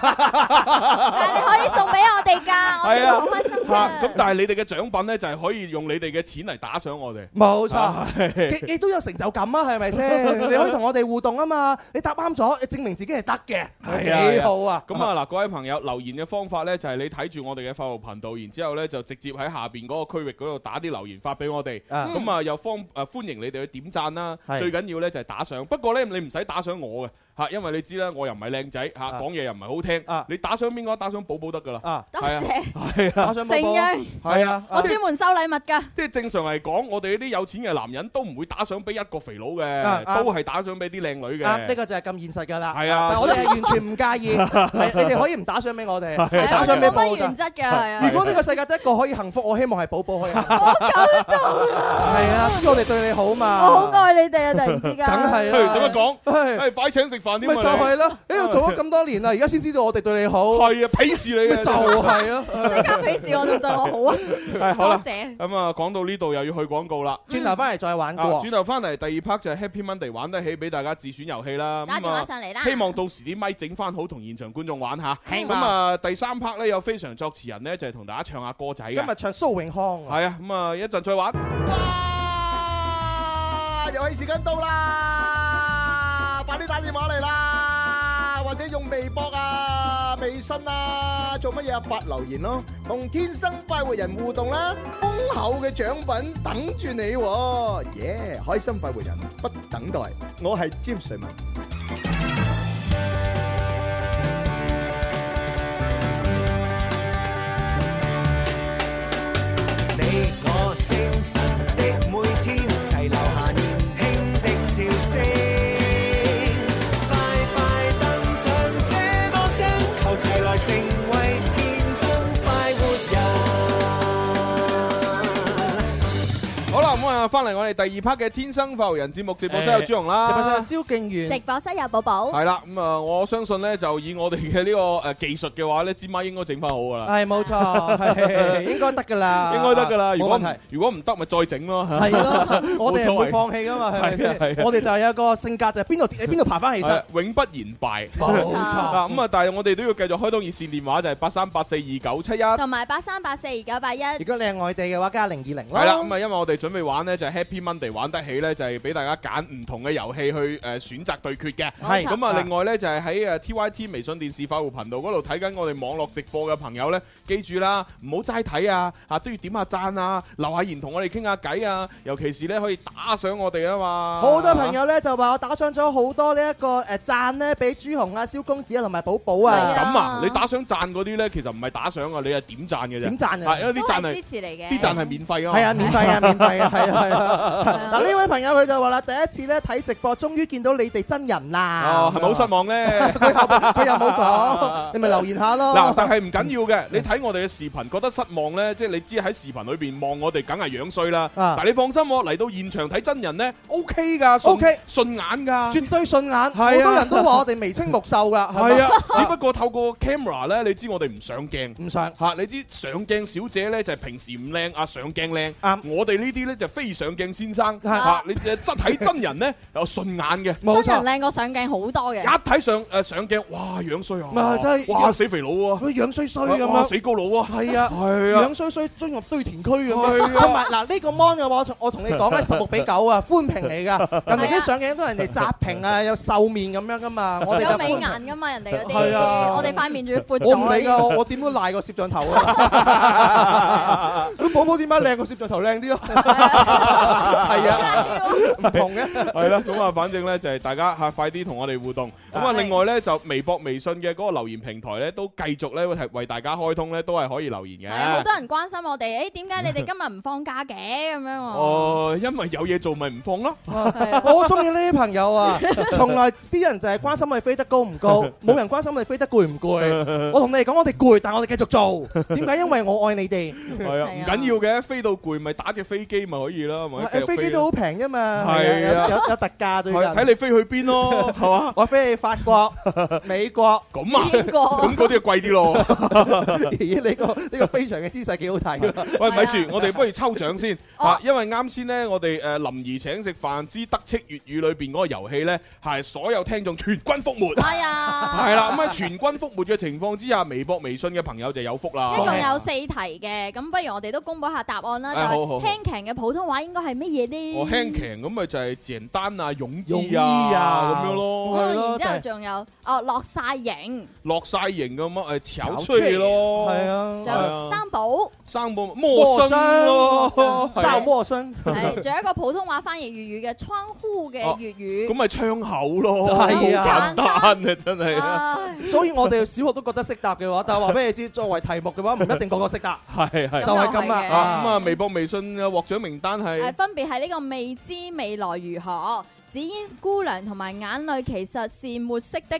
但你可以送俾我哋噶，我哋好開心啊！咁 但係你哋嘅獎品呢，就係可以用你哋嘅錢嚟打賞我哋。冇錯，你都有成就感啊？係咪先？ 你可以同我哋互動啊嘛！你答啱咗，你證明自己係得嘅，啊、幾好啊，啊！咁啊嗱、啊，各位朋友留言嘅方法呢，就係你睇住我哋嘅快活頻道，然之後呢，就直接喺下邊嗰個區域嗰度打啲留言發俾我哋。咁啊、嗯嗯嗯、又方啊歡迎你哋去點贊啦，最緊要呢，就係打賞。不過呢，你唔使打賞我嘅。嚇，因為你知啦，我又唔係靚仔嚇，講嘢又唔係好聽。你打賞邊個？打賞寶寶得㗎啦。啊，多謝。係啊，打賞。係啊，我專門收禮物㗎。即係正常嚟講，我哋呢啲有錢嘅男人都唔會打賞俾一個肥佬嘅，都係打賞俾啲靚女嘅。啊，呢個就係咁現實㗎啦。係啊，我哋係完全唔介意，你哋可以唔打賞俾我哋，打賞俾寶寶都冇原則㗎。如果呢個世界得一個可以幸福，我希望係寶寶可以幸福。我夠啦。係啊，知我哋對你好嘛？我好愛你哋啊，突然之間。梗係啦。咁樣講，唉，快請食飯。咪就係咯，呢度做咗咁多年啦，而家先知道我哋對你好。係啊，鄙視你嘅就係啊，即刻鄙視我仲對我好啊。多謝。咁啊，講到呢度又要去廣告啦，轉頭翻嚟再玩過。轉頭翻嚟第二 part 就係 Happy Monday 玩得起俾大家自選遊戲啦。打電話上嚟啦，希望到時啲咪整翻好，同現場觀眾玩下。係咁啊，第三 part 咧有非常作詞人咧就係同大家唱下歌仔。今日唱蘇永康。係啊，咁啊一陣再玩。哇！遊戲時間到啦～快啲打電話嚟啦，或者用微博啊、微信啊，做乜嘢啊？發留言咯，同天生快活人互動啦，豐厚嘅獎品等住你，耶！開心快活人，不等待，我係詹瑞文。你我精神。翻嚟我哋第二 part 嘅天生快活人節目，直播室有朱紅啦，直播室有蕭敬元，直播室有寶寶，係啦咁啊！我相信咧就以我哋嘅呢個誒技術嘅話咧，芝媽應該整翻好噶啦，係冇錯，係應該得噶啦，應該得噶啦。如果唔係，如果唔得咪再整咯，係咯，我哋唔會放棄噶嘛。我哋就係有個性格就係邊度跌邊度爬翻起身，永不言敗。冇錯。咁啊，但係我哋都要繼續開通熱線電話，就係八三八四二九七一，同埋八三八四二九八一。如果你係外地嘅話，加零二零咯。係啦，咁啊，因為我哋準備玩呢就。Happy Monday 玩得起呢，就係、是、俾大家揀唔同嘅遊戲去誒選擇對決嘅。係咁啊！嗯嗯、另外呢，就係、是、喺誒 TYT 微信電視快活頻道嗰度睇緊我哋網絡直播嘅朋友呢，記住啦，唔好齋睇啊，啊都要點下讚啊，留下言同我哋傾下偈啊，尤其是呢，可以打賞我哋啊嘛。好多朋友呢，啊、就話我打賞咗好多讚呢一個誒讚呢，俾朱紅啊、蕭公子啊同埋寶寶啊。咁的啊，你打賞讚嗰啲呢，其實唔係打賞啊，你係點讚嘅啫。點讚啊，係啊啲讚係支持嚟嘅，啲讚係免費噶。係啊，免費啊，免費啊，係啊。 嗱，呢位朋友佢就話啦，第一次咧睇直播，終於見到你哋真人啦。係咪好失望咧？佢又冇講，你咪留言下咯。嗱，但係唔緊要嘅，你睇我哋嘅視頻覺得失望咧，即係你知喺視頻裏邊望我哋梗係樣衰啦。但係你放心，嚟到現場睇真人咧，OK 噶，OK 順眼噶，絕對順眼。好多人都話我哋眉清目秀噶。係啊，只不過透過 camera 咧，你知我哋唔上鏡，唔上吓，你知上鏡小姐咧就係平時唔靚啊，上鏡靚。啱，我哋呢啲咧就非常。上鏡先生，你真睇真人咧有順眼嘅，真人靚過上鏡好多嘅。一睇上誒，上鏡，哇樣衰啊，唔係真係哇死肥佬啊，佢樣衰衰咁樣，死高佬啊，係啊，樣衰衰進入堆填區咁樣。同埋嗱呢個 mon 嘅話，我同你講係十六比九啊，寬屏嚟噶。人哋啲上鏡都係人哋窄屏啊，有瘦面咁樣噶嘛。我哋有美顏噶嘛，人哋嗰啲。我哋塊面仲要闊咗。我唔理噶，我點都賴個攝像頭啊。咁寶寶點解靚個攝像頭靚啲咯？係啊，唔同嘅係啦，咁啊，反正咧就係大家吓快啲同我哋互動。咁啊，另外咧就微博、微信嘅嗰個留言平台咧，都繼續咧係為大家開通咧，都係可以留言嘅。係啊，好多人關心我哋，誒，點解你哋今日唔放假嘅咁樣？哦，因為有嘢做咪唔放咯。我好中意呢啲朋友啊，從來啲人就係關心我哋飛得高唔高，冇人關心我哋飛得攰唔攰。我同你講，我哋攰，但係我哋繼續做。點解？因為我愛你哋。係啊，唔緊要嘅，飛到攰咪打隻飛機咪可以咯。飛機都好平啫嘛，係啊，有得特價仲要，睇你飛去邊咯，係嘛？我飛去法國、美國，咁啊，英國咁嗰啲就貴啲咯。姨，呢個呢個飛翔嘅姿勢幾好睇。喂，咪住，我哋不如抽獎先啊，因為啱先呢，我哋誒林怡請食飯之得戚粵語裏邊嗰個遊戲咧，係所有聽眾全軍覆沒。係啊，係啦，咁啊，全軍覆沒嘅情況之下，微博、微信嘅朋友就有福啦。一共有四題嘅，咁不如我哋都公布一下答案啦。好好。聽強嘅普通話。應該係乜嘢呢？哦，輕騎，咁咪就係鄭丹啊、泳衣啊咁樣咯。係咯，然之後仲有哦，落晒型，落晒型咁樣誒，炒出嚟咯。係啊，仲有三寶，三寶魔生咯，就魔生。係仲有一個普通話翻譯粵語嘅窗戶嘅粵語，咁咪窗口咯。係啊，簡單嘅真係。所以我哋小學都覺得識答嘅話，但係話俾你知作為題目嘅話，唔一定個個識答。係係，就係咁啊。咁啊，微博、微信嘅獲獎名單係。係分別係呢個未知未來如何，紫煙姑娘同埋眼淚其實是沒色的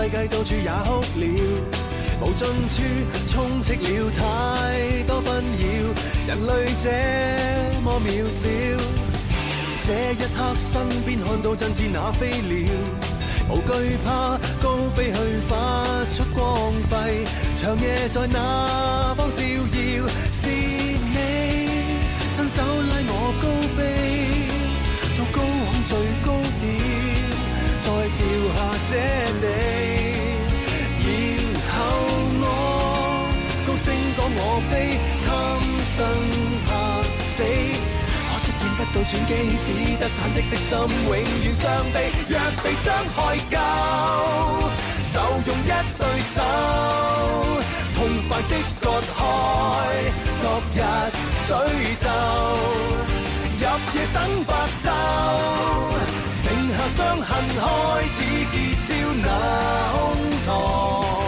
世界到處也哭了，無盡處充斥了太多紛擾，人類這麼渺小。這一刻身邊看到真摯那飛鳥，無懼怕高飛去發出光輝，長夜在那方照耀，是你伸手拉我高飛到高空最高點，再掉下這。生怕死，可惜見不到轉機，只得忐忑的滴滴心，永遠傷悲。若被傷害夠，就用一對手痛快的割開昨日詛咒。入夜等白晝，剩下傷痕開始結焦，那膿瘡。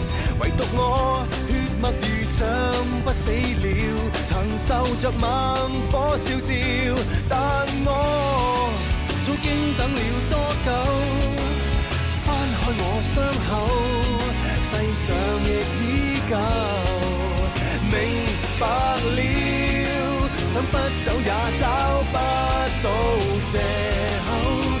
唯獨我血脈如像不死鳥，曾受着猛火燒焦，但我早經等了多久？翻開我傷口，世上亦依舊，明白了，想不走也找不到藉口。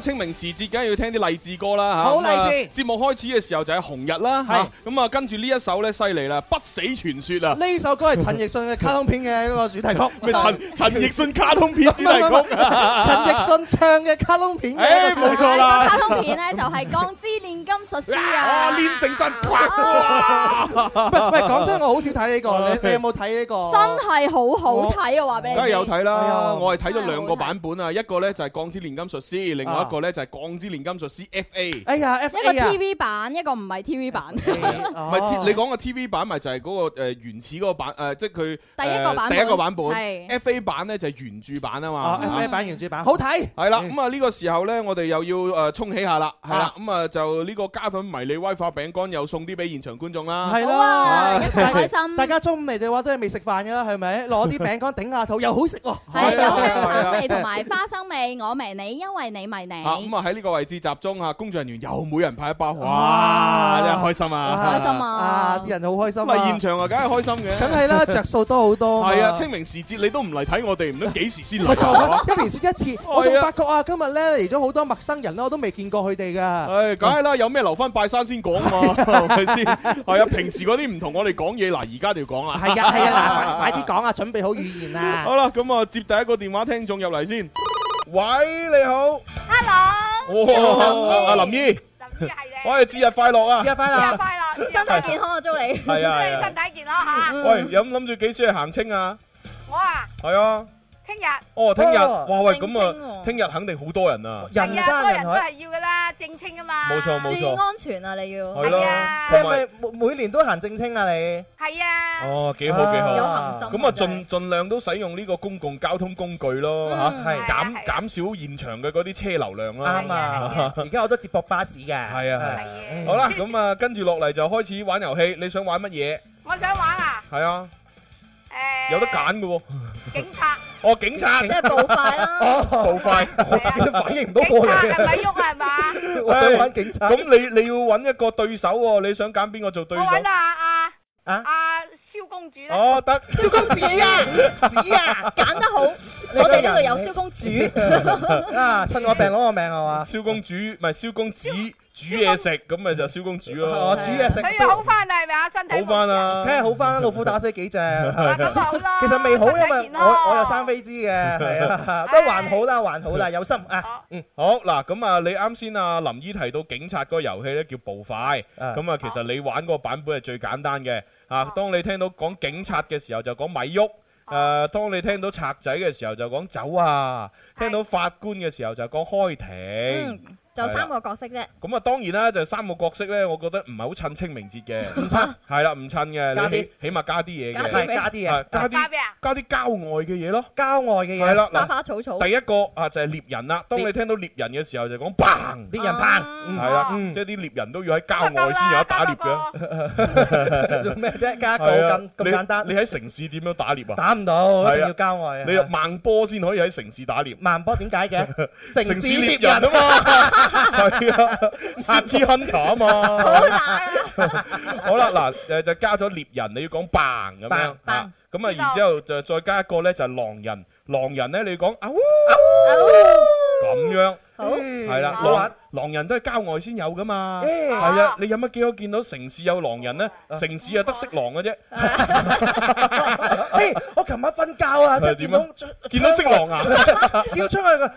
清明時節，梗係要聽啲勵志歌啦。好勵志！節目開始嘅時候就係《紅日》啦。係咁啊，跟住呢一首咧，犀利啦，《不死傳說》啊。呢首歌係陳奕迅嘅卡通片嘅一個主題曲。咪陳陳奕迅卡通片主題曲。陳奕迅唱嘅卡通片。冇錯，卡通片呢就係《鋼之煉金術師》啊，煉成真。喂講真，我好少睇呢個。你你有冇睇呢個？真係好好睇啊！話俾你。梗係有睇啦，我係睇咗兩個版本啊。一個咧就係《鋼之煉金術師》，另外。一個咧就係鋼之煉金術師 FA，哎呀，一個 TV 版，一個唔係 TV 版，唔係你講個 TV 版咪就係嗰個原始嗰個版誒，即係佢第一個版，第一個版本，係 FA 版咧就係原著版啊嘛，FA 版原著版好睇。係啦，咁啊呢個時候咧我哋又要誒充氣下啦，係啦，咁啊就呢個嘉頓迷你威化餅乾又送啲俾現場觀眾啦，係囉，一齊開心，大家中午嚟嘅話都係未食飯㗎，係咪？攞啲餅乾頂下肚又好食喎，係有香草味同埋花生味，我迷你，因為你迷你。啊咁啊喺呢個位置集中啊，工作人員又每人派一包。哇真係開心啊！開心啊！啲人好開心。嚟現場啊，梗係開心嘅。梗係啦，着數都好多。係啊，清明時節你都唔嚟睇我哋，唔知幾時先嚟。一年先一次，我仲發覺啊，今日咧嚟咗好多陌生人啦，我都未見過佢哋噶。誒，梗係啦，有咩留翻拜山先講啊？係咪先？係啊，平時嗰啲唔同我哋講嘢，嗱而家要講啊。係啊係啊，嗱快啲講啊，準備好語言啦。好啦，咁啊接第一個電話聽眾入嚟先。喂，你好。Hello、喔。哇，阿林姨。林姨係靚。喂， 節日快樂啊！節日快樂。節日快樂。身體健康啊，祝你。係 啊。啊啊 身體健康吓、啊。嗯、喂，有冇諗住幾時去行清啊？ 我啊。係啊。聽日哦，聽日，哇喂，咁啊，聽日肯定好多人啊，人山人海，係要噶啦，正清啊嘛，冇錯冇錯，注意安全啊，你要係咯，係咪每每年都行正清啊？你係啊，哦，幾好幾好，有恒心，咁啊，盡盡量都使用呢個公共交通工具咯，係減減少現場嘅嗰啲車流量啦，啱啊，而家我都接駁巴士嘅，係啊，好啦，咁啊，跟住落嚟就開始玩遊戲，你想玩乜嘢？我想玩啊，係啊。誒，有得揀㗎喎，警察哦，警察即係捕快咯，捕快！我真係反應唔到過嚟。警察係咪喐啊？係嘛，我想揾警察。咁你你要揾一個對手喎，你想揀邊個做對手？我啊！啊！阿蕭公主哦，得，蕭公主啊，子啊，揀得好，我哋呢度有蕭公主。啊，趁我病攞我命係嘛？蕭公主唔係蕭公子。煮嘢食咁咪就燒公煮咯。哦，煮嘢食都好翻係咪啊？身體好翻啊！聽日好翻，老虎打死幾隻？咁就好啦。其實未好，因為我我又生痱滋嘅，係啊，都還好啦，還好啦，有心啊。嗯，好嗱，咁啊，你啱先啊，林姨提到警察個遊戲咧叫暴快，咁啊，其實你玩嗰個版本係最簡單嘅。啊，當你聽到講警察嘅時候就講咪喐，誒，當你聽到賊仔嘅時候就講走啊，聽到法官嘅時候就講開庭。就三個角色啫。咁啊，當然啦，就三個角色咧，我覺得唔係好襯清明節嘅。唔襯。係啦，唔襯嘅。加啲，起碼加啲嘢嘅。加啲。加啲嘢。加咩啊？加啲郊外嘅嘢咯。郊外嘅嘢。係啦。花花草草。第一個啊，就係獵人啦。當你聽到獵人嘅時候，就講砰，獵人砰，係啦，即係啲獵人都要喺郊外先有得打獵嘅。做咩啫？加個筋咁簡單。你喺城市點樣打獵啊？打唔到，要郊外啊。你啊，孟波先可以喺城市打獵。孟波點解嘅？城市獵人啊嘛。係啊 City Hunter 啊嘛，好難啊！好啦，嗱，誒，就加咗獵人，你要講嘣咁樣啊，咁啊，然之後就再加一個咧，就係狼人，狼人咧，你要講啊嗚咁樣，好係啦，狼人都係郊外先有噶嘛？係啊！你有乜幾可見到城市有狼人咧？城市啊得色狼嘅啫。我琴晚瞓覺啊，即係見到見到色狼啊，叫出去嘅。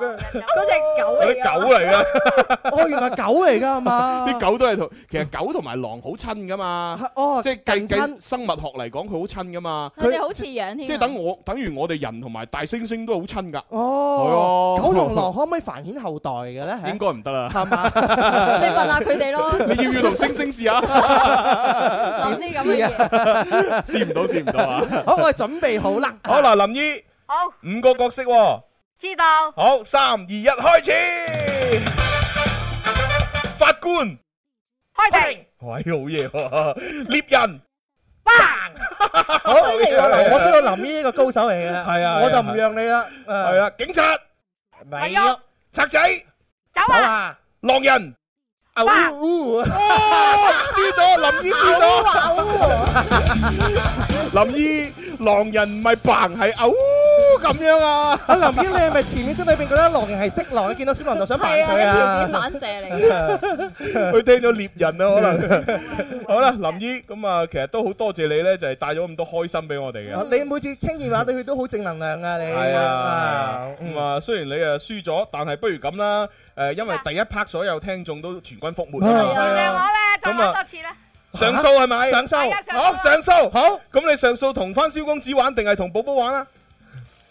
嗰隻狗嚟啊！狗嚟噶，哦，原來！狗嚟噶嘛？啲狗都係同其實狗同埋狼好親噶嘛？哦，即係近親。生物學嚟講，佢好親噶嘛？佢哋好似樣添。即係等我等於我哋人同埋大猩猩都好親㗎。哦，係狗同狼可唔可以繁衍後代嘅咧？應該唔得啦。你問下佢哋咯。你要唔要同星星試下？講啲咁嘅嘢。試唔到，試唔到啊。好，我哋準備好啦。好啦，林姨。好。五個角色。知道。好，三二一，開始。法官。開庭。喂，好嘢喎！獵人。棒。好，我識得林姨呢個高手嚟嘅。係啊。我就唔讓你啦。係啊。警察。係啊。賊仔。走人啊！狼人，輸咗、呃，林姨輸咗，林姨狼人唔係扮係嘔。都咁樣啊！阿林姨，你係咪前面心裏邊嗰啲狼係色狼？見到小龍頭想乜嘢？係啊，一條獵蛇嚟嘅。佢聽到獵人啦，可能。好啦，林姨，咁啊，其實都好多謝你咧，就係帶咗咁多開心俾我哋嘅。你每次傾電話對佢都好正能量啊！你係啊。咁啊，雖然你啊輸咗，但係不如咁啦。誒，因為第一 part 所有聽眾都全軍覆沒。係啊，我咧，打咗多次咧。上訴係咪？上訴，好上訴，好。咁你上訴同翻蕭公子玩，定係同寶寶玩啊？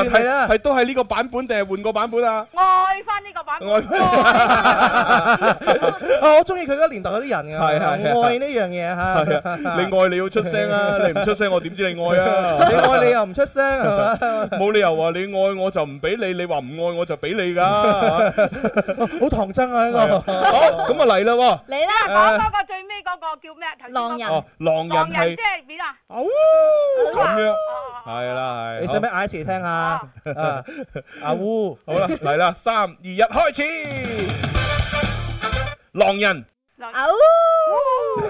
係啊，係都係呢個版本定係換個版本啊？愛翻呢個版本。我中意佢嗰年代嗰啲人噶，愛呢樣嘢吓。你愛你要出聲啊！你唔出聲我點知你愛啊？你愛你又唔出聲啊？冇理由話你愛我就唔俾你，你話唔愛我就俾你噶。好唐僧啊呢個。好，咁啊嚟啦喎！嚟啦，講嗰個最尾嗰個叫咩？狼人。哦，狼人。狼人係咩面啊？哦，咁樣，係啦係。你使唔使嗌一次嚟聽下？啊啊啊烏！好啦，嚟啦，三二一，開始！狼人啊烏！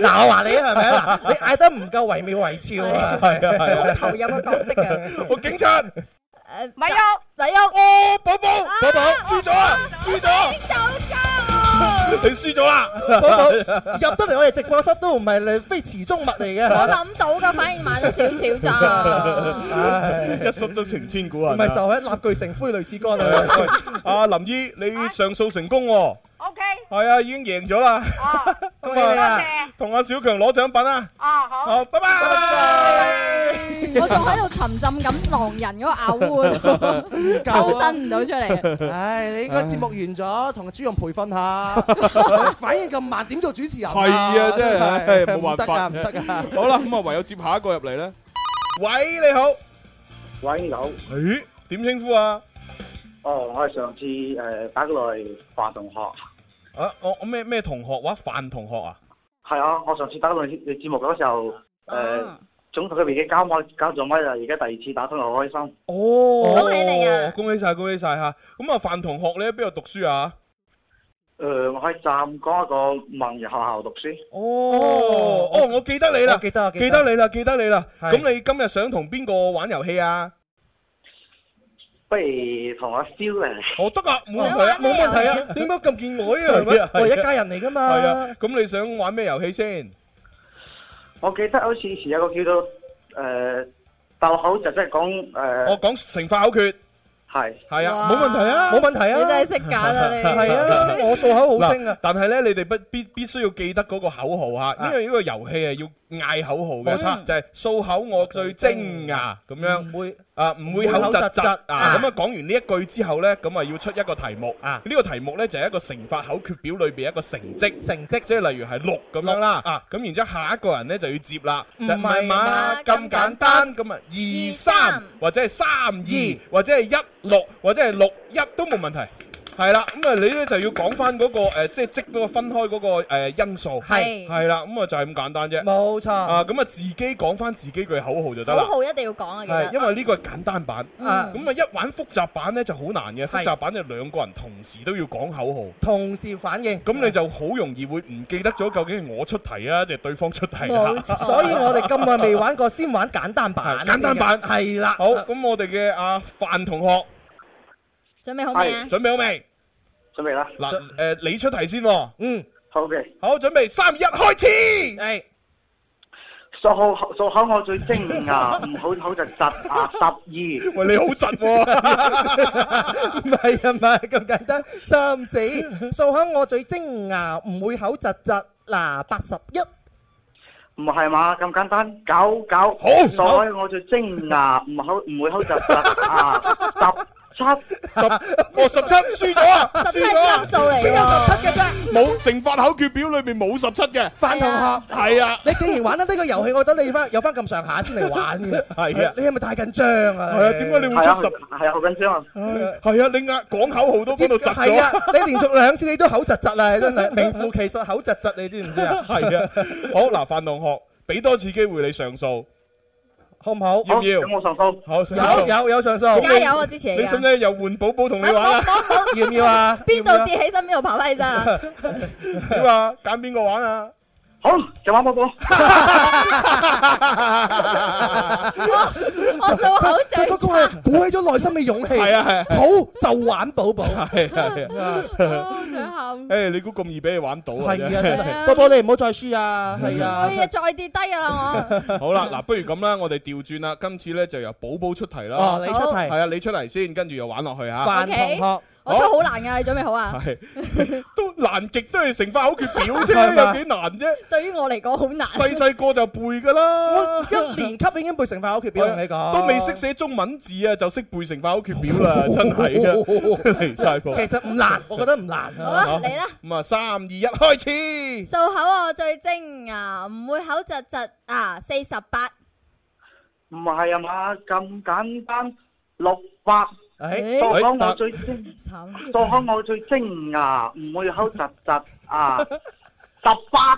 嗱，我話你啊，係咪啊？你嗌得唔夠惟妙惟肖啊！係啊係啊，投入個角色嘅。我警察。誒，咪喐咪喐。哦，寶寶寶寶，輸咗啊！輸咗。你輸咗啦保保！ 入得嚟我哋直播室都唔係你非池中物嚟嘅。 我諗到噶，反而慢咗少少咋。一失足成千古啊！唔係就喺蠟炬成灰類似乾啊。阿林姨，你上訴成功喎，哦。OK，係啊，已經贏咗啦！恭喜你啊，同阿小強攞獎品啊！啊好，好，拜拜！我仲喺度沉浸咁狼人嗰個嘔，抽身唔到出嚟。唉，你個節目完咗，同阿朱融培訓下。反應咁慢，點做主持人啊？係啊，真係冇辦法，唔得噶。好啦，咁啊，唯有接下一個入嚟咧。喂，你好，喂牛，誒，點稱呼啊？哦，我係上次誒打過來范同學啊，我我咩咩同學話范同學啊？係啊，我上次打過你你節目嗰時候誒，中途嘅交麥交咗麥啦，而家第二次打通又開心。哦，恭喜你啊！恭喜晒，恭喜晒吓！咁啊，范同學你喺邊度讀書啊？誒，我喺湛江一個盲人學校讀書。哦，哦，我記得你啦，記得記得你啦，記得你啦。咁你今日想同邊個玩遊戲啊？不如同我燒啊！我得啊，冇問題，冇問題啊！點解咁見外啊？係咪啊？我係一家人嚟噶嘛。係啊，咁你想玩咩遊戲先？我記得好似以前有個叫做誒鬥口，就即係講誒。我講乘法口訣。係係啊，冇問題啊，冇問題啊。你真係識揀啦你。係啊，我數口好精噶。但係咧，你哋不必必須要記得嗰個口號吓，因為呢個遊戲係要。嗌口號嘅就係數口我最精啊，咁樣啊，唔會口窒窒啊。咁啊講完呢一句之後呢，咁啊要出一個題目啊。呢個題目呢，就係一個乘法口訣表裏邊一個成績成績，即係例如係六咁樣啦啊。咁然之後下一個人呢，就要接啦，係嘛，咁簡單咁啊，二三或者係三二或者係一六或者係六一都冇問題。係啦，咁啊你咧就要講翻嗰個即係即嗰個分開嗰個因素。係係啦，咁啊就係咁簡單啫。冇錯。啊，咁啊自己講翻自己句口號就得啦。口號一定要講啊，記得。係，因為呢個係簡單版，咁啊一玩複雜版咧就好難嘅。複雜版就兩個人同時都要講口號，同時反應。咁你就好容易會唔記得咗究竟係我出題啊，即係對方出題。冇錯。所以我哋咁耐未玩過，先玩簡單版。簡單版係啦。好，咁我哋嘅阿范同學。準備好未啊？準備好未？準備啦！嗱，誒，你出題先。嗯。好嘅。好，準備三一，開始。係。數口數口我最精啊！唔好口窒窒啊，十二。喂，你好，窒喎。唔係啊，唔係，咁簡單。三四，數口我最精啊！唔會口窒窒，嗱，八十一。唔係嘛，咁簡單。九九。好。數口我最精啊！唔好唔會口窒窒啊，十。十哦，十七輸咗啊！十七個數嚟，邊有十七嘅啫？冇乘法口訣表裏邊冇十七嘅。范同學係啊，你既然玩得呢個遊戲，我覺得你翻有翻咁上下先嚟玩嘅。係啊，你係咪太緊張啊？係啊，點解你會出十？係啊，好緊張啊！係啊，你壓講口號都邊度窒咗？係啊，你連續兩次你都口窒窒啊！真係名副其實口窒窒，你知唔知啊？係啊，好嗱，范同學，俾多次機會你上訴。好唔好？好要唔要？有好上有有，有上訴，你加油之前！有我支持。你信唔信？又換寶寶同你玩啊！ 要唔要啊？邊度 跌起身邊度爬返起身咋？點 啊？揀邊個玩啊？好就玩寶寶，我做口仔，寶寶係鼓起咗內心嘅勇氣，係啊係啊，好就玩寶寶，係想喊，誒你估咁易俾你玩到啊？係啊，寶寶你唔好再輸啊，係啊，哎呀再跌低啊我，好啦嗱，不如咁啦，我哋調轉啦，今次咧就由寶寶出題啦，哦你出題係啊你出嚟先，跟住又玩落去啊，范同學。我出好難噶，你準備好啊？係都難極，都係乘法口訣表啫，有幾難啫？對於我嚟講，好難。細細個就背噶啦，我一年級已經背乘法口訣表的。你講說都未識寫中文字啊，就識背乘法口訣表啦， 真係噶，離晒譜 其實唔難，我覺得唔難。好啦，你啦。咁啊，三二一，2 3, 2, 1, 開始。數口啊，最精啊，唔會口窒窒啊，四十八。唔係啊嘛，咁簡單，六百。數口我最精，數口我最精啊，唔會口窒窒啊，十八，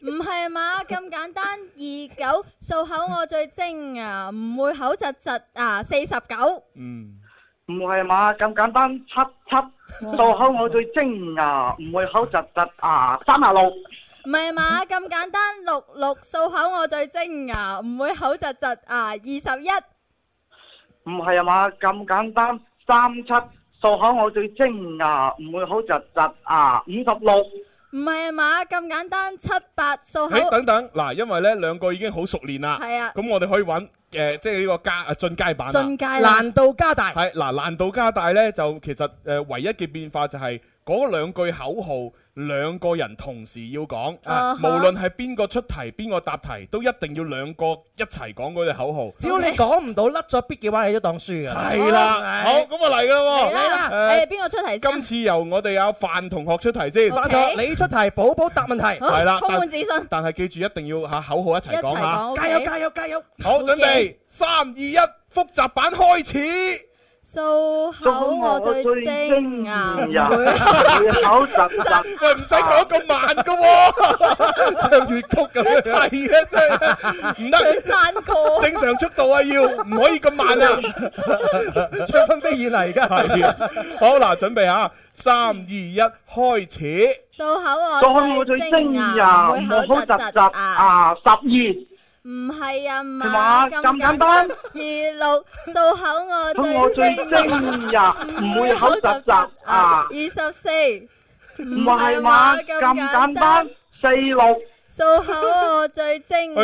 唔係嘛咁簡單，二九數口我最精啊，唔會口窒窒啊，四十九，嗯，唔係嘛咁簡單，七七數口我最精啊，唔會口窒窒啊，三十六，唔係嘛咁簡單，六六數口我最精啊，唔會口窒窒啊，二十一。唔係啊嘛，咁簡單三七數口我最精啊，唔會好窒窒啊，五十六。唔係啊嘛，咁簡單七八數口。欸，等等嗱，因為咧兩個已經好熟練啦。係啊。咁我哋可以揾誒、呃，即係呢個加啊進階版啊。進階。難度加大。係嗱，難度加大咧，就其實誒、呃、唯一嘅變化就係。嗰兩句口號，兩個人同時要講，無論係邊個出題，邊個答題，都一定要兩個一齊講嗰隻口號。只要你講唔到，甩咗筆嘅話，你就當輸嘅。係啦，好，咁啊嚟㗎喎，嚟啦，係邊個出題？今次由我哋有范同學出題先，范同學你出題，寶寶答問題，係啦，充滿自信。但係記住一定要吓口號一齊講吓，加油加油加油！好，準備三二一，複雜版開始。數口我最精啊！唔會唔會口雜雜啊！唔使講咁慢噶，唱粵曲咁樣係嘅，真係唔得。正常速度啊，要唔可以咁慢啊！唱分飛燕嚟噶，好啦，準備吓，三二一，開始！數口我最精啊！唔會口雜雜啊，十二。唔係啊，嘛咁簡單。 二六，數口我最精。呀， 唔會口雜雜啊。二十四，唔係啊，咁簡單。四六，數口我最精。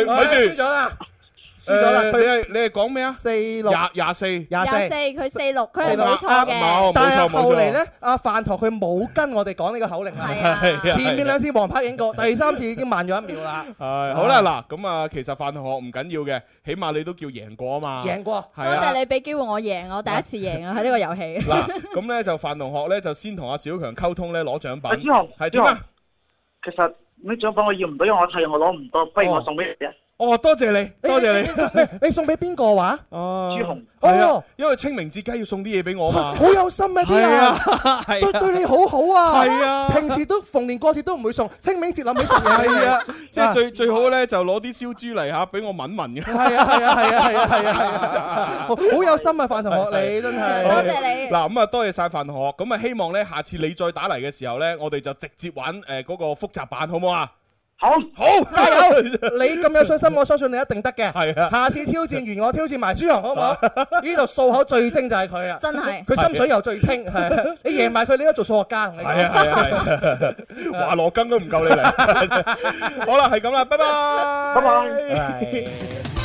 輸咗啦！佢係你係講咩啊？四六廿廿四廿四佢四六佢係冇錯嘅，但係後嚟咧，阿范同學佢冇跟我哋講呢個口令，係啊！前面兩次黃拍影過，第三次已經慢咗一秒啦。係好啦，嗱咁啊，其實范同學唔緊要嘅，起碼你都叫贏過啊嘛！贏過，多謝你俾機會我贏，我第一次贏啊！喺呢個遊戲嗱，咁咧就范同學咧就先同阿小強溝通咧攞獎品。阿志豪係點啊？其實啲獎品我要唔到，因為我太陽我攞唔到，不如我送俾你啫。哦，多謝你，多謝你。你送俾邊個話？哦，朱紅，哎喲，因為清明節梗要送啲嘢俾我嘛。好有心啊，啲啊，佢對你好好啊。係啊，平時都逢年過節都唔會送，清明節諗起送嘢。係啊，即係最最好咧，就攞啲燒豬嚟，吓，俾我聞聞嘅。係啊，係啊，係啊，係啊，係啊，好有心啊，范同學你真係。多謝你。嗱咁啊，多謝晒范同學。咁啊，希望咧下次你再打嚟嘅時候咧，我哋就直接揾誒嗰個複雜版好唔好啊？好好加油！你咁有信心，我相信你一定得嘅。係下次挑戰完我挑戰埋朱紅，好唔好？呢度數口最精就係佢啊，真係。佢心水又最清，係你贏埋佢，你都做數學家。係啊係啊，華羅庚都唔夠你嚟。好啦，係咁啦，拜拜，拜拜。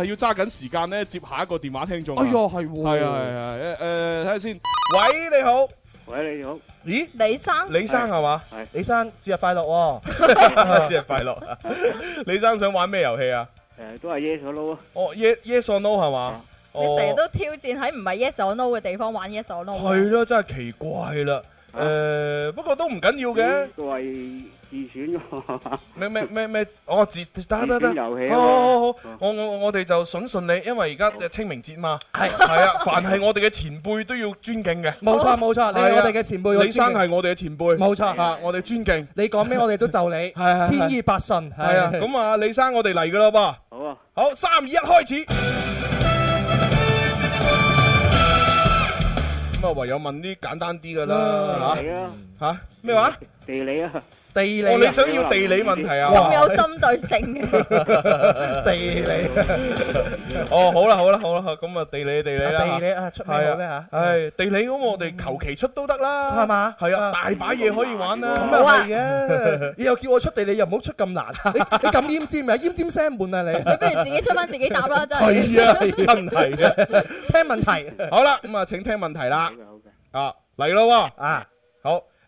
係要揸緊時間咧，接下一個電話聽眾。哎呀，係喎。係啊係啊，誒誒，睇下先。喂，你好，喂，你好。咦，李生，李生係嘛？係，李生，節日快樂。節日快樂。李生想玩咩遊戲啊？誒，都係 yes or no 啊。哦，yes yes or no 係嘛？你成日都挑戰喺唔係 yes or no 嘅地方玩 yes or no。係咯，真係奇怪啦。誒，不過都唔緊要嘅，佢係自選嘅，咩咩咩咩，我自得得得，哦好好好，我我我哋就信信你，因為而家清明節嘛，係係啊，凡係我哋嘅前輩都要尊敬嘅，冇錯冇錯，你係我哋嘅前輩，李生係我哋嘅前輩，冇錯，吓我哋尊敬，你講咩我哋都就你，係千依百順，係啊，咁啊李生我哋嚟噶啦噃，好啊，好三二一開始。唯有問啲簡單啲嘅啦，嚇嚇，咩話，地理啊？哦，你想要地理問題啊？咁有針對性嘅地理。哦，好啦，好啦，好啦，咁啊，地理，地理啦。地理啊，出咩啊？咩啊？係地理咁，我哋求其出都得啦。係嘛？係啊，大把嘢可以玩啦。咁又係嘅。以後叫我出地理，又唔好出咁難。你咁閹尖啊？閹尖聲悶啊你？你不如自己出翻自己答啦，真係。係啊，真係啊。聽問題。好啦，咁啊，請聽問題啦。好嘅，好嘅。啊，嚟咯，啊。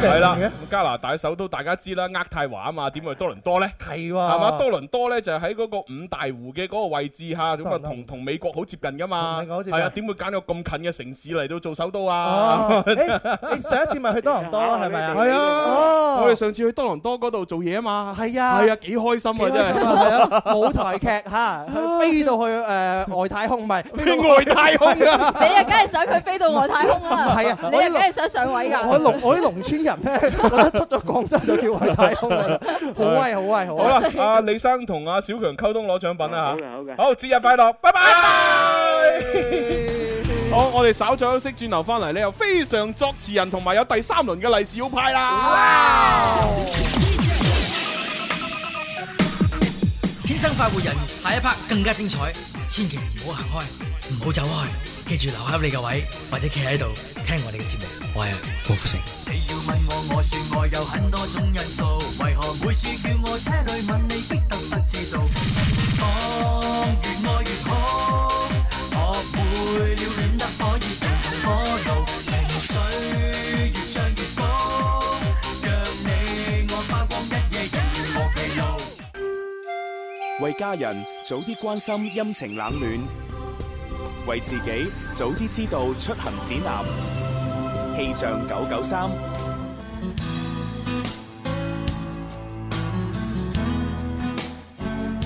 係啦，加拿大首都大家知啦，渥太華啊嘛，點會去多倫多咧？係喎，係嘛？多倫多咧就喺嗰個五大湖嘅嗰個位置嚇，咁啊同同美國好接近噶嘛，係啊，點會揀咗咁近嘅城市嚟到做首都啊？誒，你上一次咪去多倫多咯，係咪啊？係啊，我哋上次去多倫多嗰度做嘢啊嘛，係啊，係啊，幾開心啊真係！舞台劇嚇，飛到去誒外太空咪？你外太空啊？你啊，梗係想佢飛到外太空啊？係啊，你啊，梗係想上位㗎？我農我啲農村。覺得出咗廣州就叫去太空啦，好威好威！好好啦，阿李生同阿小強溝通攞獎品啦嚇、嗯，好嘅好嘅，節日快樂， 拜拜！ 好，我哋稍作休息轉頭翻嚟，呢又非常作詞人同埋有第三輪嘅利是要派啦！哇！Wow! 天生快活人，下一 part 更加精彩，千祈唔好行開，唔好走開。記住留喺你嘅位，或者企喺度聽我哋嘅節目。我係郭富城。你要問我，我説我有很多種因素，為何每次叫我車裏問你，竟能不知道？情越愛越好，學會了戀得可以無所求。情緒越漲越高，讓你我花光一夜，仍然無疲勞。為家人早啲關心陰晴冷暖。為自己早啲知道出行指南，氣象九九三，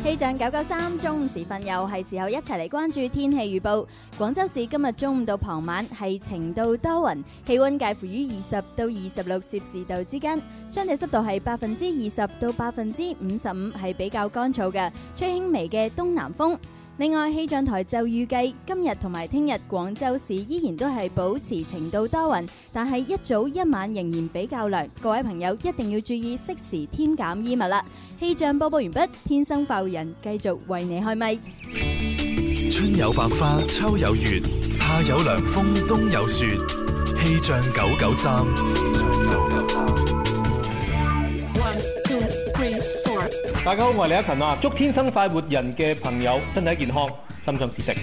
氣象九九三。中午時分又係時候一齊嚟關注天氣預報。廣州市今日中午到傍晚係晴到多雲，氣溫介乎於二十到二十六攝氏度之間，相對濕度係百分之二十到百分之五十五，係比較乾燥嘅，吹輕微嘅東南風。另外，氣象台就預計今日同埋聽日廣州市依然都係保持晴到多雲，但係一早一晚仍然比較涼，各位朋友一定要注意適時添減衣物啦。氣象播報完畢，天生快活人繼續為你開咪。春有百花，秋有月，夏有涼風，冬有雪。氣象九九三。大家好，我係李克勤啊！祝天生快活人嘅朋友身體健康，心想事成。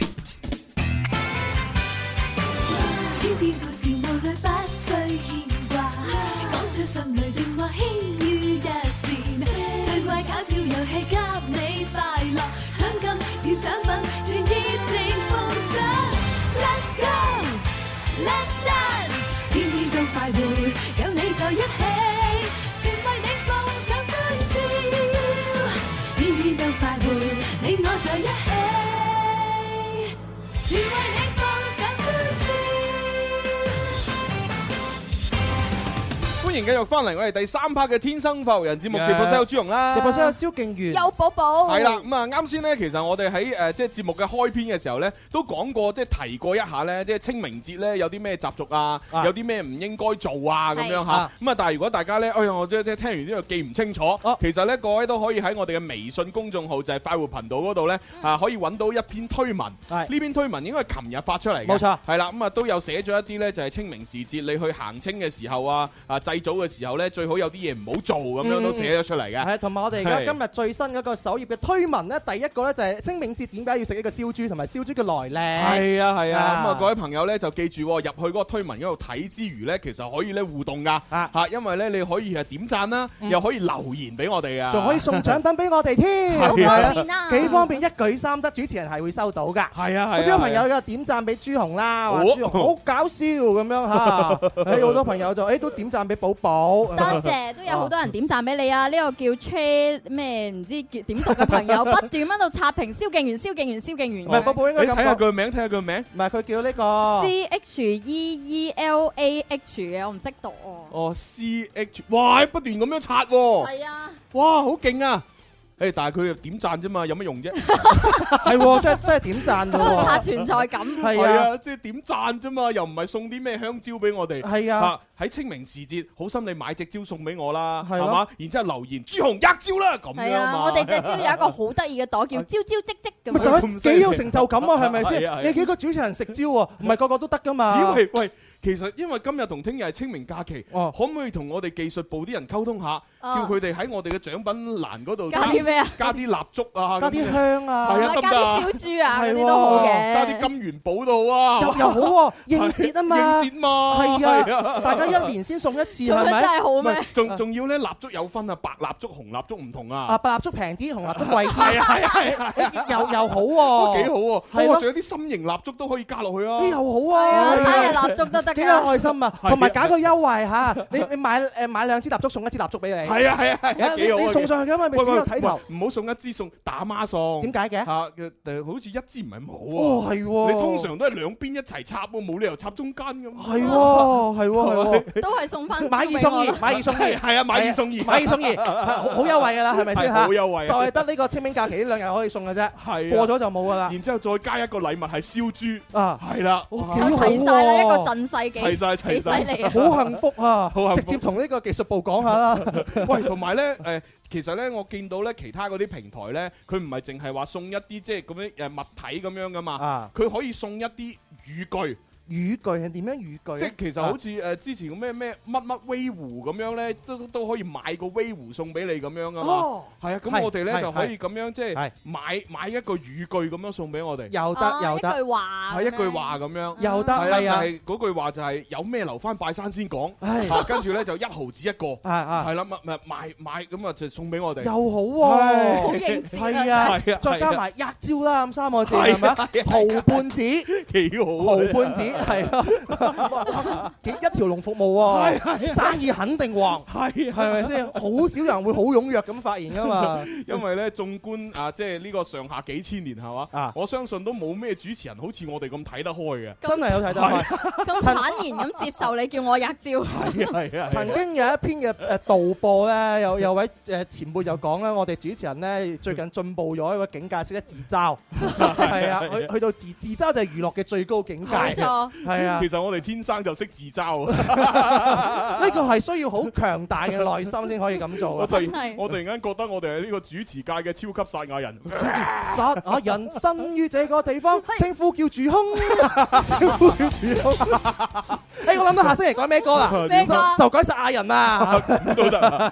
繼續翻嚟，我哋第三 part 嘅《天生快活人》節目，直播室有朱蓉啦，直播室有蕭敬如，有寶寶。係啦，咁啊，啱先咧，其實我哋喺誒即係節目嘅開篇嘅時候咧，都講過，即係提過一下咧，即係清明節咧有啲咩習俗啊，啊有啲咩唔應該做啊咁樣嚇。咁啊，嗯、但係如果大家咧，哎呀，我即係聽完之後記唔清楚，啊、其實咧，各位都可以喺我哋嘅微信公眾號就係快活頻道嗰度咧，嗯、啊，可以揾到一篇推文。呢篇推文應該係琴日發出嚟嘅。冇錯。係啦，咁啊都有寫咗一啲咧，就係清明時節你去行清嘅時候啊，啊製到嘅時候咧，最好有啲嘢唔好做咁樣都寫得出嚟嘅。係，同埋我哋而家今日最新嗰個首頁嘅推文咧，第一個咧就係清明節點解要食一個燒豬同埋燒豬嘅來歷。係啊係啊，咁啊各位朋友咧就記住入去嗰個推文嗰度睇之餘咧，其實可以咧互動噶嚇，因為咧你可以係點贊啦，又可以留言俾我哋啊，仲可以送獎品俾我哋添，幾方便，一舉三得，主持人係會收到噶。係啊係啊，好似有朋友嘅點贊俾朱紅啦，好搞笑咁樣嚇，好多朋友就誒都點贊俾寶。寶，多謝，都有好多人點贊俾你啊！呢個叫 Che 咩唔知點讀嘅朋友，不斷喺度刷屏，蕭敬源，蕭敬源，蕭敬源，唔係寶寶應該咁。你睇下佢名，睇下佢名，唔係佢叫呢個 C H E E L A H 嘅，我唔識讀哦。哦，C H，哇，不斷咁樣刷喎。係啊。哇，好勁啊！誒，但係佢又點贊啫嘛？有乜用啫？係喎，即係即係點贊啫，增加存在感。係啊，即係點贊啫嘛？又唔係送啲咩香蕉俾我哋？係啊，喺清明時節，好心你買隻蕉送俾我啦，係嘛？然之後留言朱紅一蕉啦，咁樣嘛。係啊，我哋隻蕉有一個好得意嘅朵，叫蕉蕉即積咁，幾有成就感啊？係咪先？你幾個主持人食蕉喎，唔係個個都得噶嘛？其實因為今日同聽日係清明假期，可唔可以同我哋技術部啲人溝通下，叫佢哋喺我哋嘅獎品欄嗰度加啲咩啊？加啲蠟燭啊，加啲香啊，加啲小豬啊，嗰啲都好嘅。加啲金元寶都好啊，又又好喎，應節啊嘛，應節嘛，係啊！大家一年先送一次係咪？真係好咩？仲仲要咧蠟燭有分啊，白蠟燭、紅蠟燭唔同啊。啊，白蠟燭平啲，紅蠟燭貴啲，又又好喎。幾好喎！係咯，仲有啲心形蠟燭都可以加落去啊。啲又好啊，睇下蠟燭就得。幾有愛心啊！同埋搞個優惠吓，你你買誒買兩支蠟燭送一支蠟燭俾你。係啊係啊，幾好。你送上去噶嘛，咪只睇頭。唔好送一支送打孖送。點解嘅？吓，好似一支唔係冇喎。係。你通常都係兩邊一齊插，冇理由插中間咁。係喎，係喎，係喎。都係送翻買二送二，買二送二，係啊，買二送二，買二送二，好優惠噶啦，係咪先吓？好優惠。就係得呢個清明假期呢兩日可以送噶啫，係過咗就冇噶啦。然之後再加一個禮物係燒豬啊，係啦，睇晒啦，一個陣勢。齊晒，齊晒，好幸福啊！ 好幸福，直接同呢個技術部講下啦。 喂，同埋 呢，誒，其實呢，我見到呢其他嗰啲平台呢，佢唔係淨係話送一啲即係咁樣誒物體咁樣噶嘛，佢、啊、可以送一啲語句。語句係點樣語句？即係其實好似誒，之前個咩咩乜乜威壺咁樣咧，都都可以買個威壺送俾你咁樣噶嘛。係啊，咁我哋咧就可以咁樣即係買買一個語句咁樣送俾我哋。又得又得，係一句話咁樣。又得係啦，就係嗰句話就係有咩留翻拜山先講。係，跟住咧就一毫子一個，係係係啦，咪咪買買咁啊，就送俾我哋。又好喎，好應時係啊，再加埋一招啦，咁三個字係咪？毫半子，幾好？毫半子。係啊，幾一條龍服務喎，哦，生意肯定旺。係，係咪先？好少人會好踴躍咁發言噶嘛。 因為咧，縱觀啊，即係呢個上下幾千年，係嘛？啊，我相信都冇咩主持人好似我哋咁睇得開嘅。真係有睇得開，咁坦然咁接受你叫我一招，嗯。係啊，嗯，係啊。曾經有一篇嘅誒導播咧，有有位誒前輩就講咧，我哋主持人咧最近進步咗一個境界，識得自嘲。係啊，去去到自自嘲就係娛樂嘅最高境界。係啊，其實我哋天生就識自嘲啊！呢個係需要好強大嘅內心先可以咁做。我突然我突然間覺得我哋係呢個主持界嘅超級撒亞人。撒亞人生於這個地方，稱呼叫住空。稱呼叫住空。哎，我諗到下星期改咩歌啦？就改撒亞人啊，都得，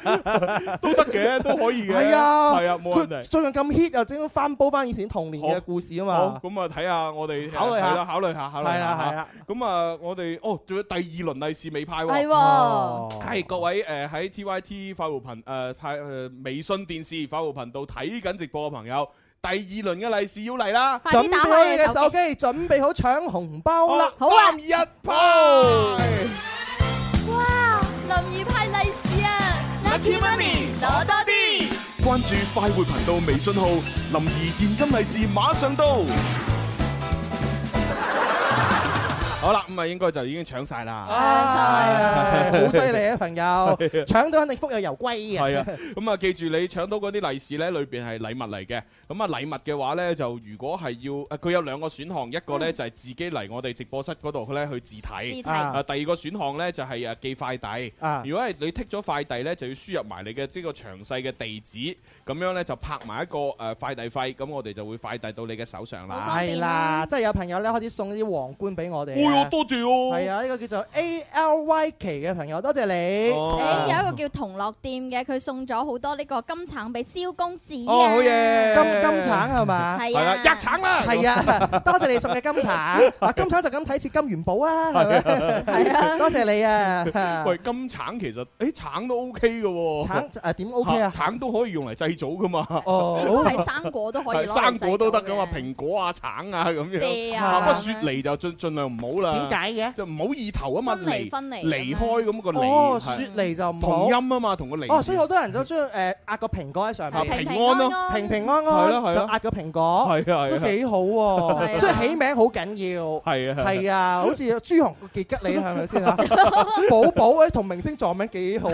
都得嘅，都可以嘅。係啊，係啊，冇最近咁 hit 又整翻煲翻以前童年嘅故事啊嘛。好，咁啊，睇下我哋考慮下，考慮下，考慮下，係啊。咁啊，我哋哦，仲有第二輪利是未派喎？係，係各位誒喺 T Y T 快活頻誒太誒微信電視快活頻道睇緊直播嘅朋友，第二輪嘅利是要嚟啦！準備好你嘅手機，準備好搶紅包啦！林一派哇，林儀派利是啊！Lucky money，攞多啲，關注快活頻道微信號，林儀現金利是馬上到。好啦，咁啊應該就已經搶晒啦！搶曬啊，好犀利啊，朋友！搶到肯定福有攸歸啊！係啊，咁啊記住，你搶到嗰啲利是咧，裏邊係禮物嚟嘅。咁啊禮物嘅話咧，就如果係要，佢有兩個選項，一個咧就係自己嚟我哋直播室嗰度咧去自提，啊第二個選項咧就係誒寄快遞。啊，如果係你剔咗快遞咧，就要輸入埋你嘅即係個詳細嘅地址，咁樣咧就拍埋一個誒快遞費，咁我哋就會快遞到你嘅手上啦。係啦，即係有朋友咧開始送啲皇冠俾我哋。多謝哦，係啊！呢個叫做 A L Y 奇嘅朋友，多謝你。誒有一個叫同樂店嘅，佢送咗好多呢個金橙俾蕭公子啊！好嘢，金金橙係嘛？係啊，夾橙啦！係啊，多謝你送嘅金橙。嗱金橙就咁睇似金元寶啊，係咪？係啊，多謝你啊！喂，金橙其實誒橙都 OK 嘅喎，橙誒點 OK 啊？橙都可以用嚟製造噶嘛？哦，應該係生果都可以，生果都得噶嘛？蘋果啊，橙啊咁樣，蔗啊，不過雪梨就盡盡量唔好。點解嘅？就唔好意頭啊嘛，離分離離開咁個離，哦，雪梨就唔同音啊嘛，同個離。哦，所以好多人就將誒壓個蘋果喺上面，平平安咯，平平安安，就壓個蘋果，都幾好喎。所以起名好緊要。係啊係啊，好似朱紅傑吉利係咪先啊？寶寶誒，同明星撞名幾好啊！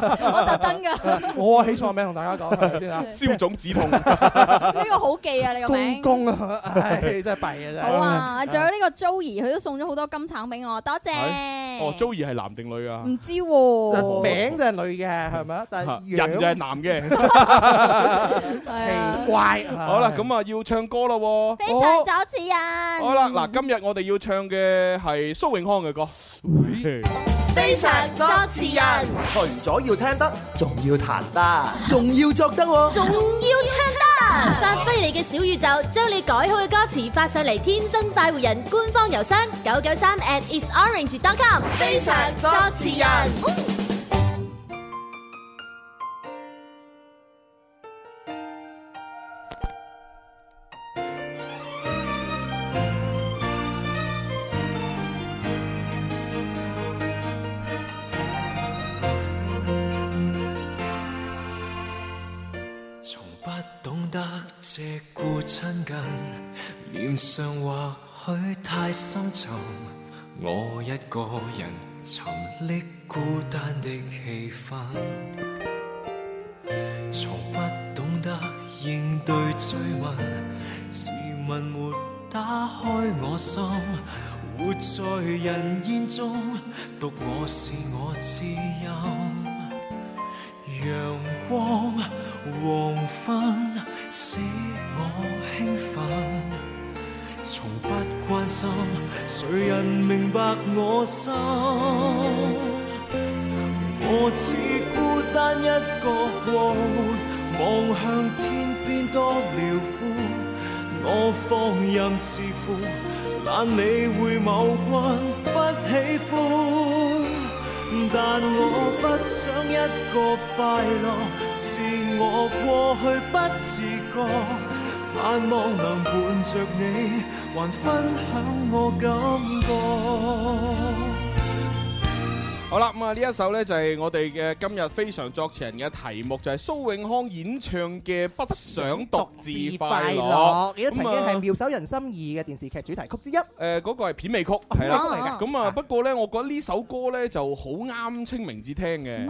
我特登㗎，我起錯名同大家講係咪先啊？肖總止痛呢個好記啊！你個名。公公啊，唉，真係弊啊！真係。好啊，仲有呢個 Joey。佢都送咗好多金橙俾我，多謝。哦，Joey 係男定女啊？唔知，名就係女嘅，係咪啊？嗎但係是人就係男嘅，奇怪。啊、好啦，咁啊要唱歌咯，啊。非常主持人！好啦，嗱，今日我哋要唱嘅係蘇永康嘅歌。 非常作詞人，除咗要聽得，仲要彈得，仲要作得，仲要唱得，得發揮你嘅小宇宙，將你改好嘅歌詞發上嚟，天生快活人官方郵箱九九三 at isorange.com，非常作詞人。或許太深沉，我一個人沉溺孤單的氣氛。從不懂得應對追問，自問沒打開我心。活在人煙中，獨我是我知音。陽光黃昏，使我興奮。從不關心，誰人明白我心，我只孤單一個過，望向天邊多遼闊。我放任自負，懶理會某君不喜歡，但我不想一個快樂，是我過去不自覺。盼望能伴着你，還分享我感覺。好啦，咁啊呢一首咧就係我哋嘅今日非常作詞人嘅題目，就係蘇永康演唱嘅《不想獨自快樂》，亦都曾經係妙手仁心二嘅電視劇主題曲之一。誒，嗰個係片尾曲，係啦。咁啊，不過咧，我覺得呢首歌咧就好啱清明節聽嘅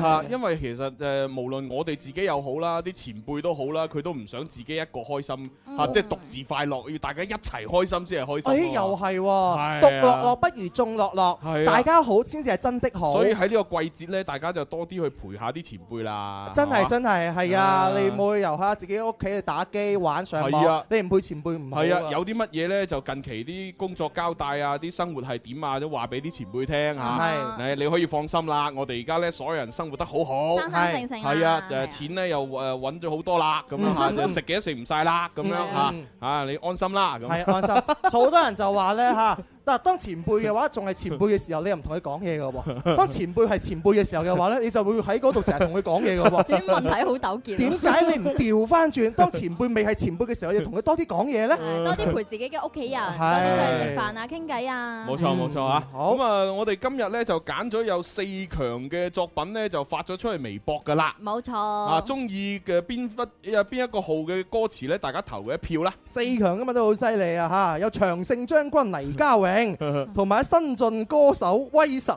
吓，因為其實誒，無論我哋自己又好啦，啲前輩都好啦，佢都唔想自己一個開心吓，即係獨自快樂，要大家一齊開心先係開心。誒，又係，獨樂樂不如眾樂樂，大家好先至係真正。所以喺呢個季節呢，大家就多啲去陪下啲前輩啦。真係真係，係啊，你唔好游下自己屋企去打機玩上網啊！你唔陪前輩唔好。係啊，有啲乜嘢呢？就近期啲工作交代啊，啲生活係點啊，都話俾啲前輩聽吓。係，你可以放心啦，我哋而家呢，所有人生活得好好，成成係啊，就係錢呢，又誒揾咗好多啦，咁樣吓，就食嘅都食唔晒啦，咁樣吓，啊，你安心啦，咁係安心。好多人就話呢。吓。嗱，當前輩嘅話，仲係 前輩嘅時候，你又唔同佢講嘢㗎喎。當前輩係前輩嘅時候嘅話咧，你就會喺嗰度成日同佢講嘢㗎喎。啲問題好糾結。點解你唔調翻轉？當前輩未係前輩嘅時候，要同佢多啲講嘢咧？多啲陪自己嘅屋企人，多啲 的出去食飯啊、傾偈啊。冇錯冇、嗯、錯啊！好咁啊，我哋今日咧就揀咗有四強嘅作品咧，就發咗出去微博㗎啦。冇錯啊！中意嘅邊忽有邊一個號嘅歌詞咧，大家投佢一票啦。四強嘅嘛都好犀利啊！嚇，有長勝將軍離交嘅。 同埋新晉歌手威神，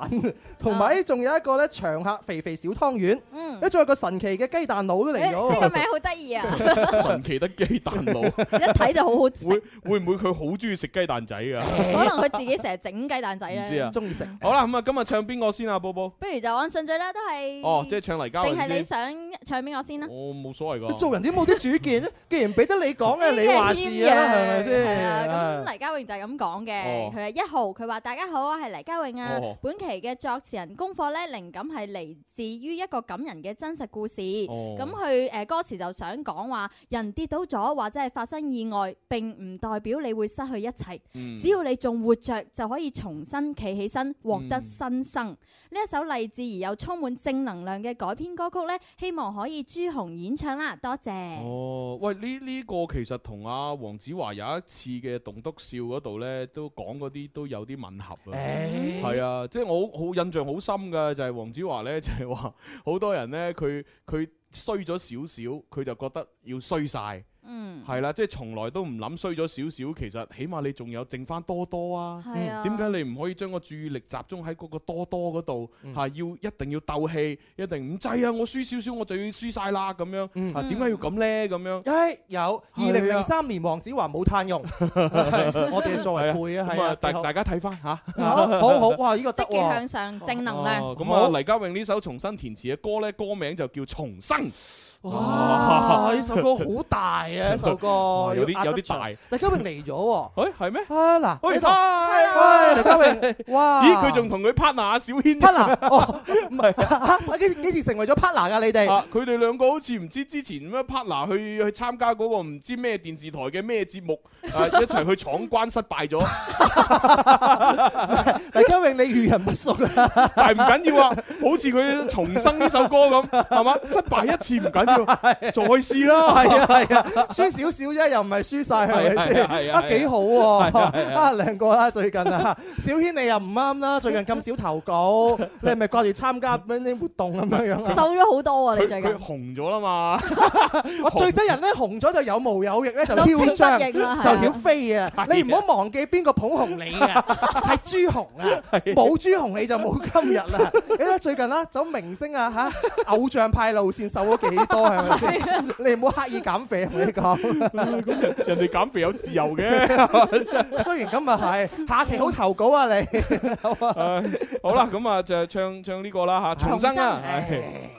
同埋仲有一個咧長客肥肥小湯圓，嗯，一仲有個神奇嘅雞蛋佬都嚟咗，呢個名好得意啊！神奇嘅雞蛋佬，一睇就好好食，會唔會佢好中意食雞蛋仔啊？可能佢自己成日整雞蛋仔咧，中意食。好啦，咁啊，今日唱邊個先啊，波波？不如就按順序啦，都係哦，即係唱黎家榮，定係你想唱邊個先啦？我冇所謂噶，做人點冇啲主見呢？既然俾得你講嘅，你話事啦，係咪先？係啊，咁黎家榮就係咁講嘅，一號佢話大家好，我係黎嘉穎啊。哦、本期嘅作詞人功課咧，靈感係嚟自於一個感人嘅真實故事。咁佢誒歌詞就想講話，人跌倒咗或者係發生意外，並唔代表你會失去一切。嗯、只要你仲活着，就可以重新企起身，獲得新生。呢、嗯、一首勵志而又充滿正能量嘅改編歌曲咧，希望可以朱紅演唱啦。多謝。哦，喂，呢呢、呢個其實同阿黃子華有一次嘅棟篤笑嗰度咧，都講啲。啲都有啲吻合啊，係、欸、啊，即係我好印象好深㗎，就係、是、黃子華呢，就係話好多人呢，佢佢衰咗少少，佢就覺得要衰晒。嗯，係啦，即係從來都唔諗衰咗少少，其實起碼你仲有剩翻多多啊，點解你唔可以將個注意力集中喺嗰個多多嗰度？吓，要一定要鬥氣，一定唔制啊！我輸少少我就要輸晒啦咁樣，啊，點解要咁呢？咁樣，誒，有二零零三年黃子華冇炭用，我哋作為配啊，係啊，大大家睇翻吓，好好哇！呢個積極向上、正能量，咁啊，黎嘉穎呢首重新填詞嘅歌呢，歌名就叫《重生》。哇！呢首歌好大啊！呢首歌有啲有啲大。黎家榮嚟咗喎？誒，係咩？啊嗱，喂黎家榮。哇！咦，佢仲同佢 partner 阿小軒 partner？哦，唔係吓，幾幾時成為咗 partner 噶？你哋佢哋兩個好似唔知之前咩 partner 去去參加嗰個唔知咩電視台嘅咩節目，誒，一齊去闖關失敗咗。黎家榮，你遇人不淑，但係唔緊要啊，好似佢重生呢首歌咁，係嘛？失敗一次唔緊。 再試啦吧，係啊係啊，輸少少啫，又唔係輸晒，係咪先？啊幾好啊！靚過啦，最近啊，小軒你又唔啱啦，最近咁少投稿，你係咪掛住參加咩啲活動咁樣樣啊？ 瘦咗好多啊！你最近紅咗啦嘛？我 最憎人咧，紅咗就有毛有翼咧，就囂張，就曉飛啊！啊啊你唔好忘記邊個捧紅你啊？係豬 紅啊！冇豬紅你就冇今日啦！睇下最近啦，啊，走明星啊嚇偶像派路線，瘦咗幾多？係咪先？ 你唔好刻意減肥，同你講。咁人哋減肥有自由嘅， 雖然咁啊係。下期好投稿啊，你。好啊。好啦，咁啊 就唱唱呢個啦嚇，啊，重生啦。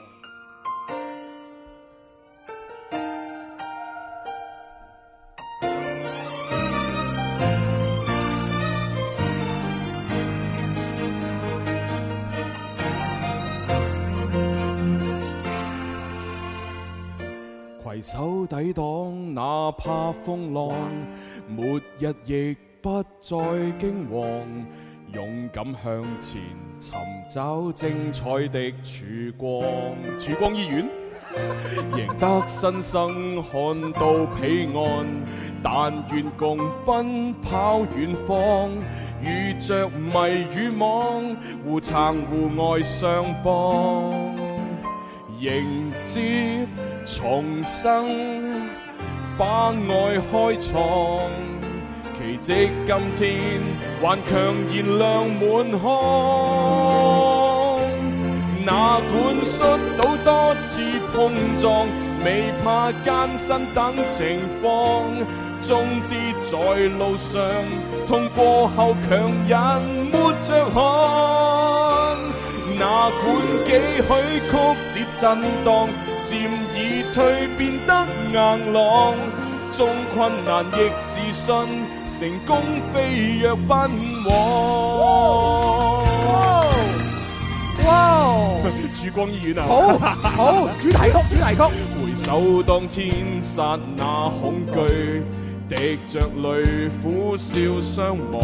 手抵擋，哪怕風浪，末日亦不再驚惶。勇敢向前，尋找精彩的曙光。曙光醫院，贏 得新生看到彼岸。但願共奔跑遠方，遇着迷與網，互撐互愛相幫，迎接。重生，把愛開創，奇蹟今天還強燃亮滿腔。哪管摔倒多次碰撞，未怕艱辛等情況，縱跌在路上，痛過後強忍抹着汗。哪管幾許曲折震盪，漸已蛻變得硬朗，縱困難亦自信，成功飛躍奔往。哇！珠光醫院啊， 好好，主題曲主題曲，題曲回首當天剎那恐懼，滴着淚苦笑相望。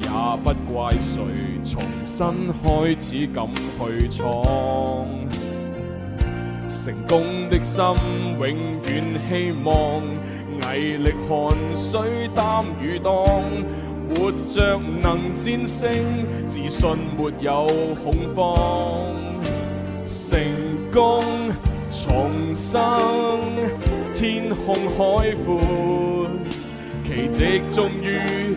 也不怪誰，重新開始敢去闖。成功的心永遠希望，毅力汗水擔與當，活着能戰勝，自信沒有恐慌。成功重生，天空海闊，奇蹟終於。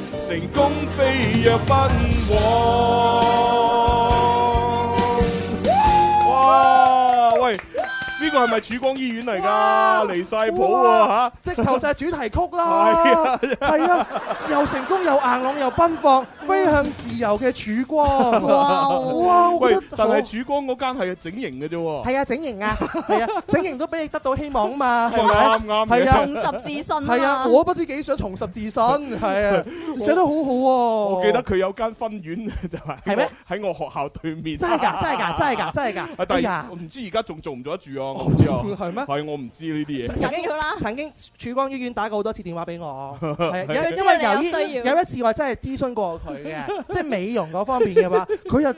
成功飛躍，奔往。呢個係咪曙光醫院嚟㗎？離晒譜喎嚇！直頭就係主題曲啦，係啊，又成功又硬朗又奔放，飛向自由嘅曙光。哇！我覺得但係曙光嗰間係整形嘅啫喎。係啊，整形啊，係啊，整形都俾你得到希望啊嘛，係咪？啱啱。係啊，重拾自信。係啊，我不知幾想重拾自信。係啊，寫得好好喎。我記得佢有間分院就係，係咩？喺我學校對面。真係㗎，真係㗎，真係㗎，真係㗎。係啊。我唔知而家仲做唔做得住啊？我知係咩？係我唔知呢啲嘢。梗要啦！曾經曙光醫院打過好多次電話俾我，係因為由於有一次我真係諮詢過佢嘅，即係美容嗰方面嘅話，佢又執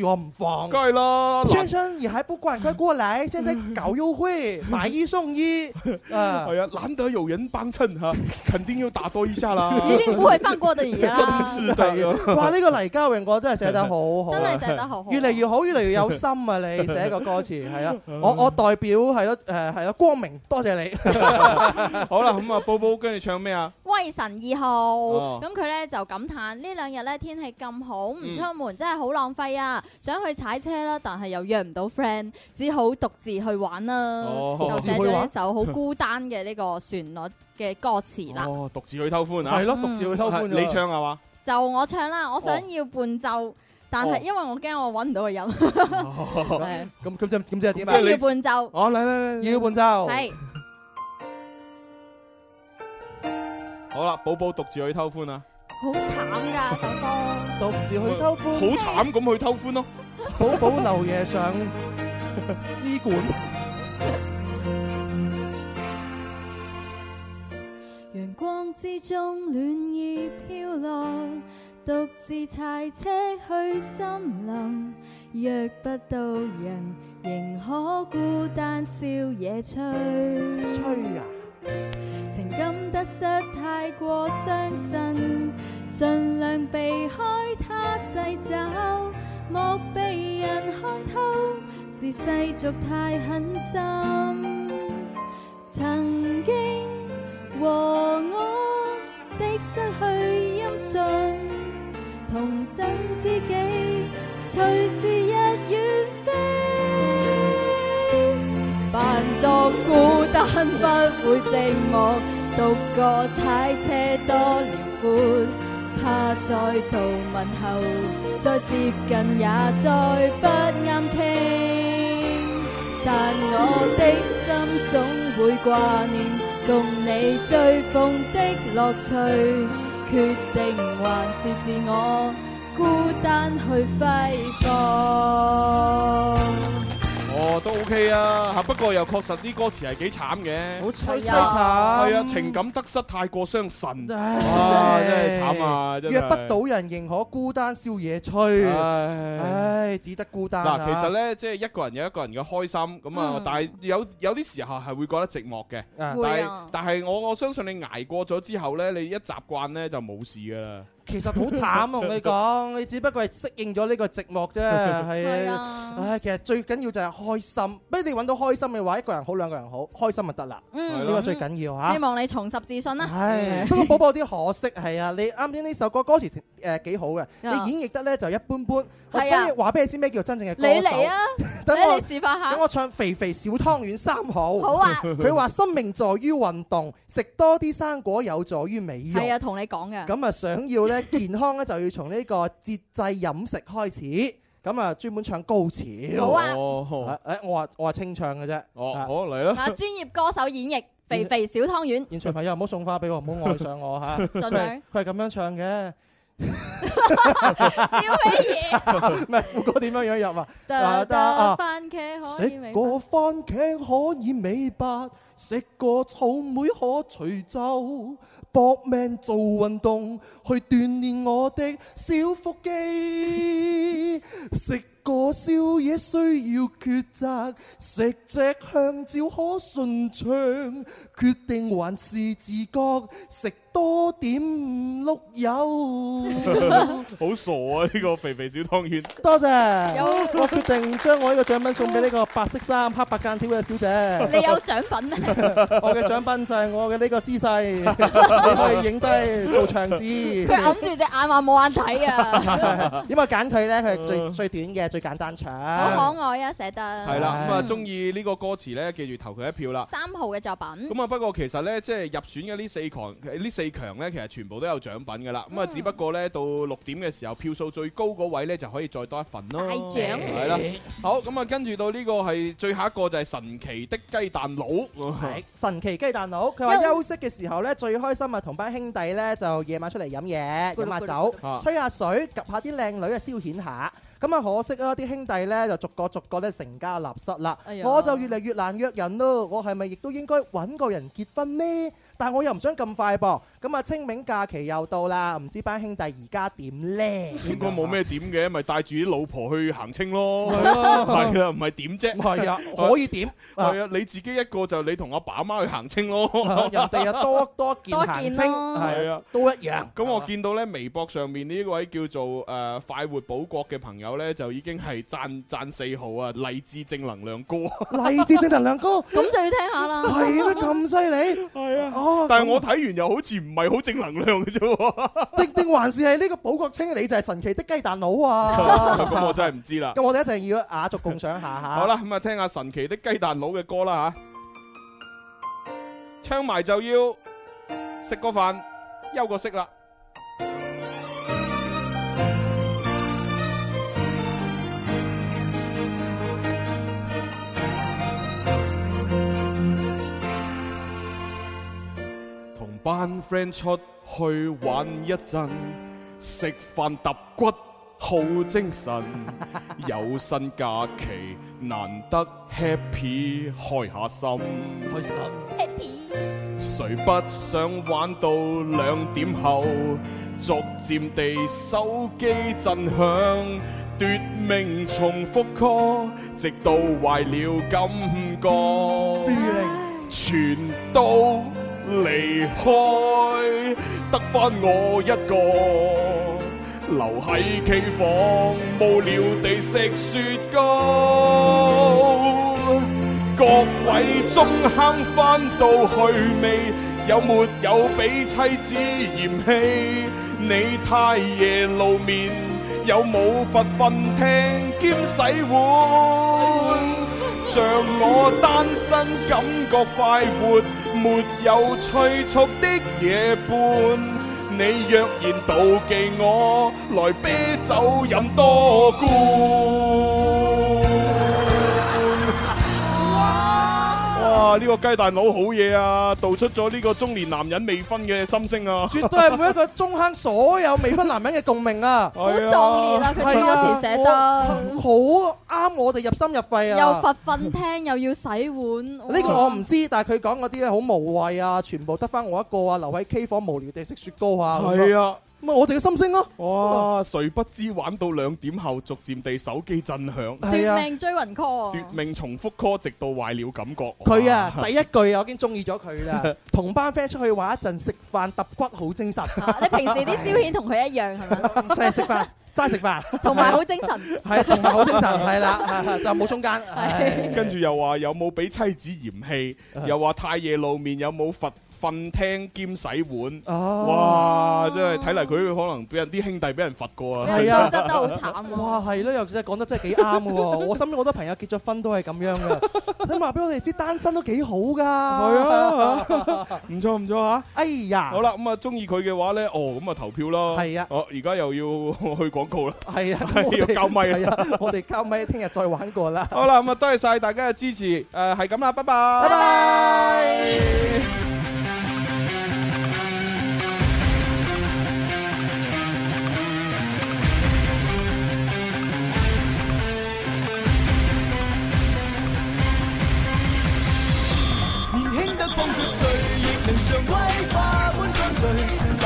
住我唔放。梗係啦！先生你還不趕快過嚟，現在搞優惠，買一送一。啊，係啊，難得有人幫襯嚇，肯定要打多一下啦。一定不會放過的你啊！真是的呀！哇，呢個黎嘉榮，我真係寫得好好，真係寫得好好，越嚟越好，越嚟越有心啊！你寫個歌詞係啊，我我代。表係咯，誒係咯，光明，多謝你 好。好啦，咁啊，波波跟住唱咩啊？威神二號，咁佢咧就感嘆兩呢兩日咧天氣咁好，唔出門、嗯、真係好浪費啊！想去踩車啦，但係又約唔到 friend，只好獨自去玩啦、啊。哦、就寫咗一首好孤單嘅呢個旋律嘅歌詞啦。哦，獨自去偷歡嚇、啊，係咯、嗯，獨自去偷歡、啊，偷啊、你唱啊嘛？就我唱啦，我想要伴奏。哦哦但係，因為我驚我揾唔到個飲。咁咁即係點啊？要伴奏。哦，嚟嚟嚟，要伴奏。係。好啦，寶寶獨自去偷歡啊！好慘噶首歌，獨自去偷歡。好慘咁去偷歡咯，寶寶漏夜上醫館。陽光之中，暖意飄落。獨自踩車去森林，約不到人，仍可孤單笑野吹。吹呀、啊！情感得失太過傷神，儘量避開他製造，莫被人看透，是世俗太狠心。曾經和我的失去音訊。童真知己，隨時日遠飛。扮作孤單不會寂寞，獨個踩車多遼闊。怕再度問候，再接近也再不啱傾。但我的心總會掛念，共你追風的樂趣。決定還是自我孤單去揮霍。哦，都 OK 啊，吓、啊、不過又確實啲歌詞係幾慘嘅，好淒慘，係啊，慘啊，情感得失太過傷神，唉真係慘啊，約不到人認可，孤單宵夜吹，唉，只得孤單、啊。嗱、啊，其實呢，即、就、係、是、一個人有一個人嘅開心，咁啊，嗯、但係有有啲時候係會覺得寂寞嘅，嗯、但會啊，但係我我相信你挨過咗之後呢，你一習慣呢，就冇事噶啦。其實好慘啊！我講，你只不過係適應咗呢個寂寞啫。係，唉，其實最緊要就係開心。不如你揾到開心嘅話，一個人好，兩個人好，開心就得啦。呢個最緊要嚇。希望你重拾自信啦。係，不過寶寶有啲可惜，係啊。你啱先呢首歌歌詞誒幾好嘅，你演譯得咧就一般般。係啊，話俾你知咩叫真正嘅歌手。你嚟啊！等我示範下。等我唱《肥肥小湯圓三好》。好啊。佢話：生命在於運動，食多啲生果有助於美容。係啊，同你講嘅。咁啊，想要咧。健康咧就要從呢個節制飲食開始，咁啊專門唱高潮。好啊，誒我話我話清唱嘅啫。哦，好嚟啦。專業歌手演繹肥肥小湯圓。現場朋友唔好送花俾我，唔好愛上我吓。盡量。佢係咁樣唱嘅。小美圓。唔係，我哥點樣樣入啊？得得番茄可以。」個番茄可以美白，食個草莓可除皺。搏命做運動，去鍛鍊我的小腹肌。.食個宵夜需要抉擇，食隻香蕉可順暢，決定還是自覺，食多點碌柚， 好傻啊！呢、這個肥肥小湯圓。多謝，謝。 我決定將我呢個獎品送俾呢個白色衫，黑白間條嘅小姐。 你有獎品咩？ 我嘅獎品就係我嘅呢個姿勢，我係影低做長姿。佢揞住隻眼話冇眼睇啊！ 因為揀佢咧，佢最，最。最短嘅最簡單，場好可愛啊！寫得係啦，咁啊中意呢個歌詞咧，記住投佢一票啦。三號嘅作品咁啊，不過其實咧，即係入選嘅呢四強，呢四強咧，其實全部都有獎品㗎啦。咁啊，只不過咧，到六點嘅時候，票數最高嗰位咧，就可以再多一份咯。係獎品。係啦，好咁啊，跟住到呢個係最後一個就係神奇的雞蛋佬。神奇雞蛋佬，佢話休息嘅時候咧，最開心啊，同班兄弟咧就夜晚出嚟飲嘢，飲下酒，吹下水，及下啲靚女啊，消遣下。咁啊可惜啊，啲兄弟咧就逐個逐個咧成家立室啦，哎、呀我就越嚟越難約人咯。我係咪亦都應該揾個人結婚呢？但係我又唔想咁快噃。咁啊清明假期又到啦，唔知班兄弟而家點咧？應該冇咩點嘅，咪帶住啲老婆去行清咯。係啊，唔係點啫？係啊，可以點，係啊，你自己一個就你同阿爸媽去行清咯。人哋又多多見，行清，係啊，都一樣，咁我見到咧微博上面呢一位叫做誒快活保國嘅朋友咧，就已經係讚讚四號啊！勵志正能量歌，勵志正能量歌，咁就要聽下啦。係啊，咁犀利。係啊，哦，但係我睇完又好似唔～唔係好正能量嘅啫，定定還是係呢個寶國清你就係神奇的雞蛋佬啊！咁 我真係唔知啦。咁我哋一陣要雅俗共賞下嚇。 好啦，咁啊聽下神奇的雞蛋佬嘅歌啦吓，唱埋就要食個飯，休個息啦。班 friend 出去玩一陣，食飯揼骨好精神， 有新假期難得 happy 開下心。開心 happy，誰不想玩到兩點後？逐漸地手機震響，奪命重複歌，直到壞了感覺， 全都。離開得返我一個，留喺屋企房無聊地食雪糕。各位中坑返到去未？有沒有俾妻子嫌棄？你太夜露面，有冇罰瞓廳兼洗碗？像我單身感覺快活。沒有催促的夜半，你若然妒忌我，來啤酒飲多罐。啊！呢、這個雞蛋佬好嘢啊，道出咗呢個中年男人未婚嘅心聲啊！絕對係每一個中坑所有未婚男人嘅共鳴啊！好壯烈啊，佢歌詞寫得、啊、好啱我哋入心入肺啊！又罰瞓廳又要洗碗，呢個我唔知，但係佢講嗰啲咧好無謂啊！全部得翻我一個啊，留喺 K 房無聊地食雪糕啊！係啊。樣咪我哋嘅心聲咯！哇，誰不知玩到兩點後，逐漸地手機震響。奪命追魂 call，奪命重複 call，直到壞了感覺。佢啊，第一句我已經中意咗佢啦。同班 friend 出去玩一陣，食飯揼骨好精神。你平時啲消遣同佢一樣係咪？即係食飯，齋食飯，同埋好精神。係，同埋好精神。係啦，就冇中間。跟住又話有冇俾妻子嫌棄？又話太夜露面有冇佛？瞓廳兼洗碗啊！哇，真係睇嚟佢可能俾人啲兄弟俾人罰過啊！係啊，真係好慘啊！哇，係咧，又真係講得真係幾啱嘅喎！我身邊好多朋友結咗婚都係咁樣嘅，你話俾我哋知單身都幾好噶！係啊，唔錯唔錯嚇！哎呀，好啦，咁啊中意佢嘅話咧，哦，咁啊投票啦！係啊，我而家又要去廣告啦！係啊，又要交麥啊！我哋交麥，聽日再玩過啦！好啦，咁啊，多謝晒大家嘅支持，誒係咁啦，拜拜！拜拜！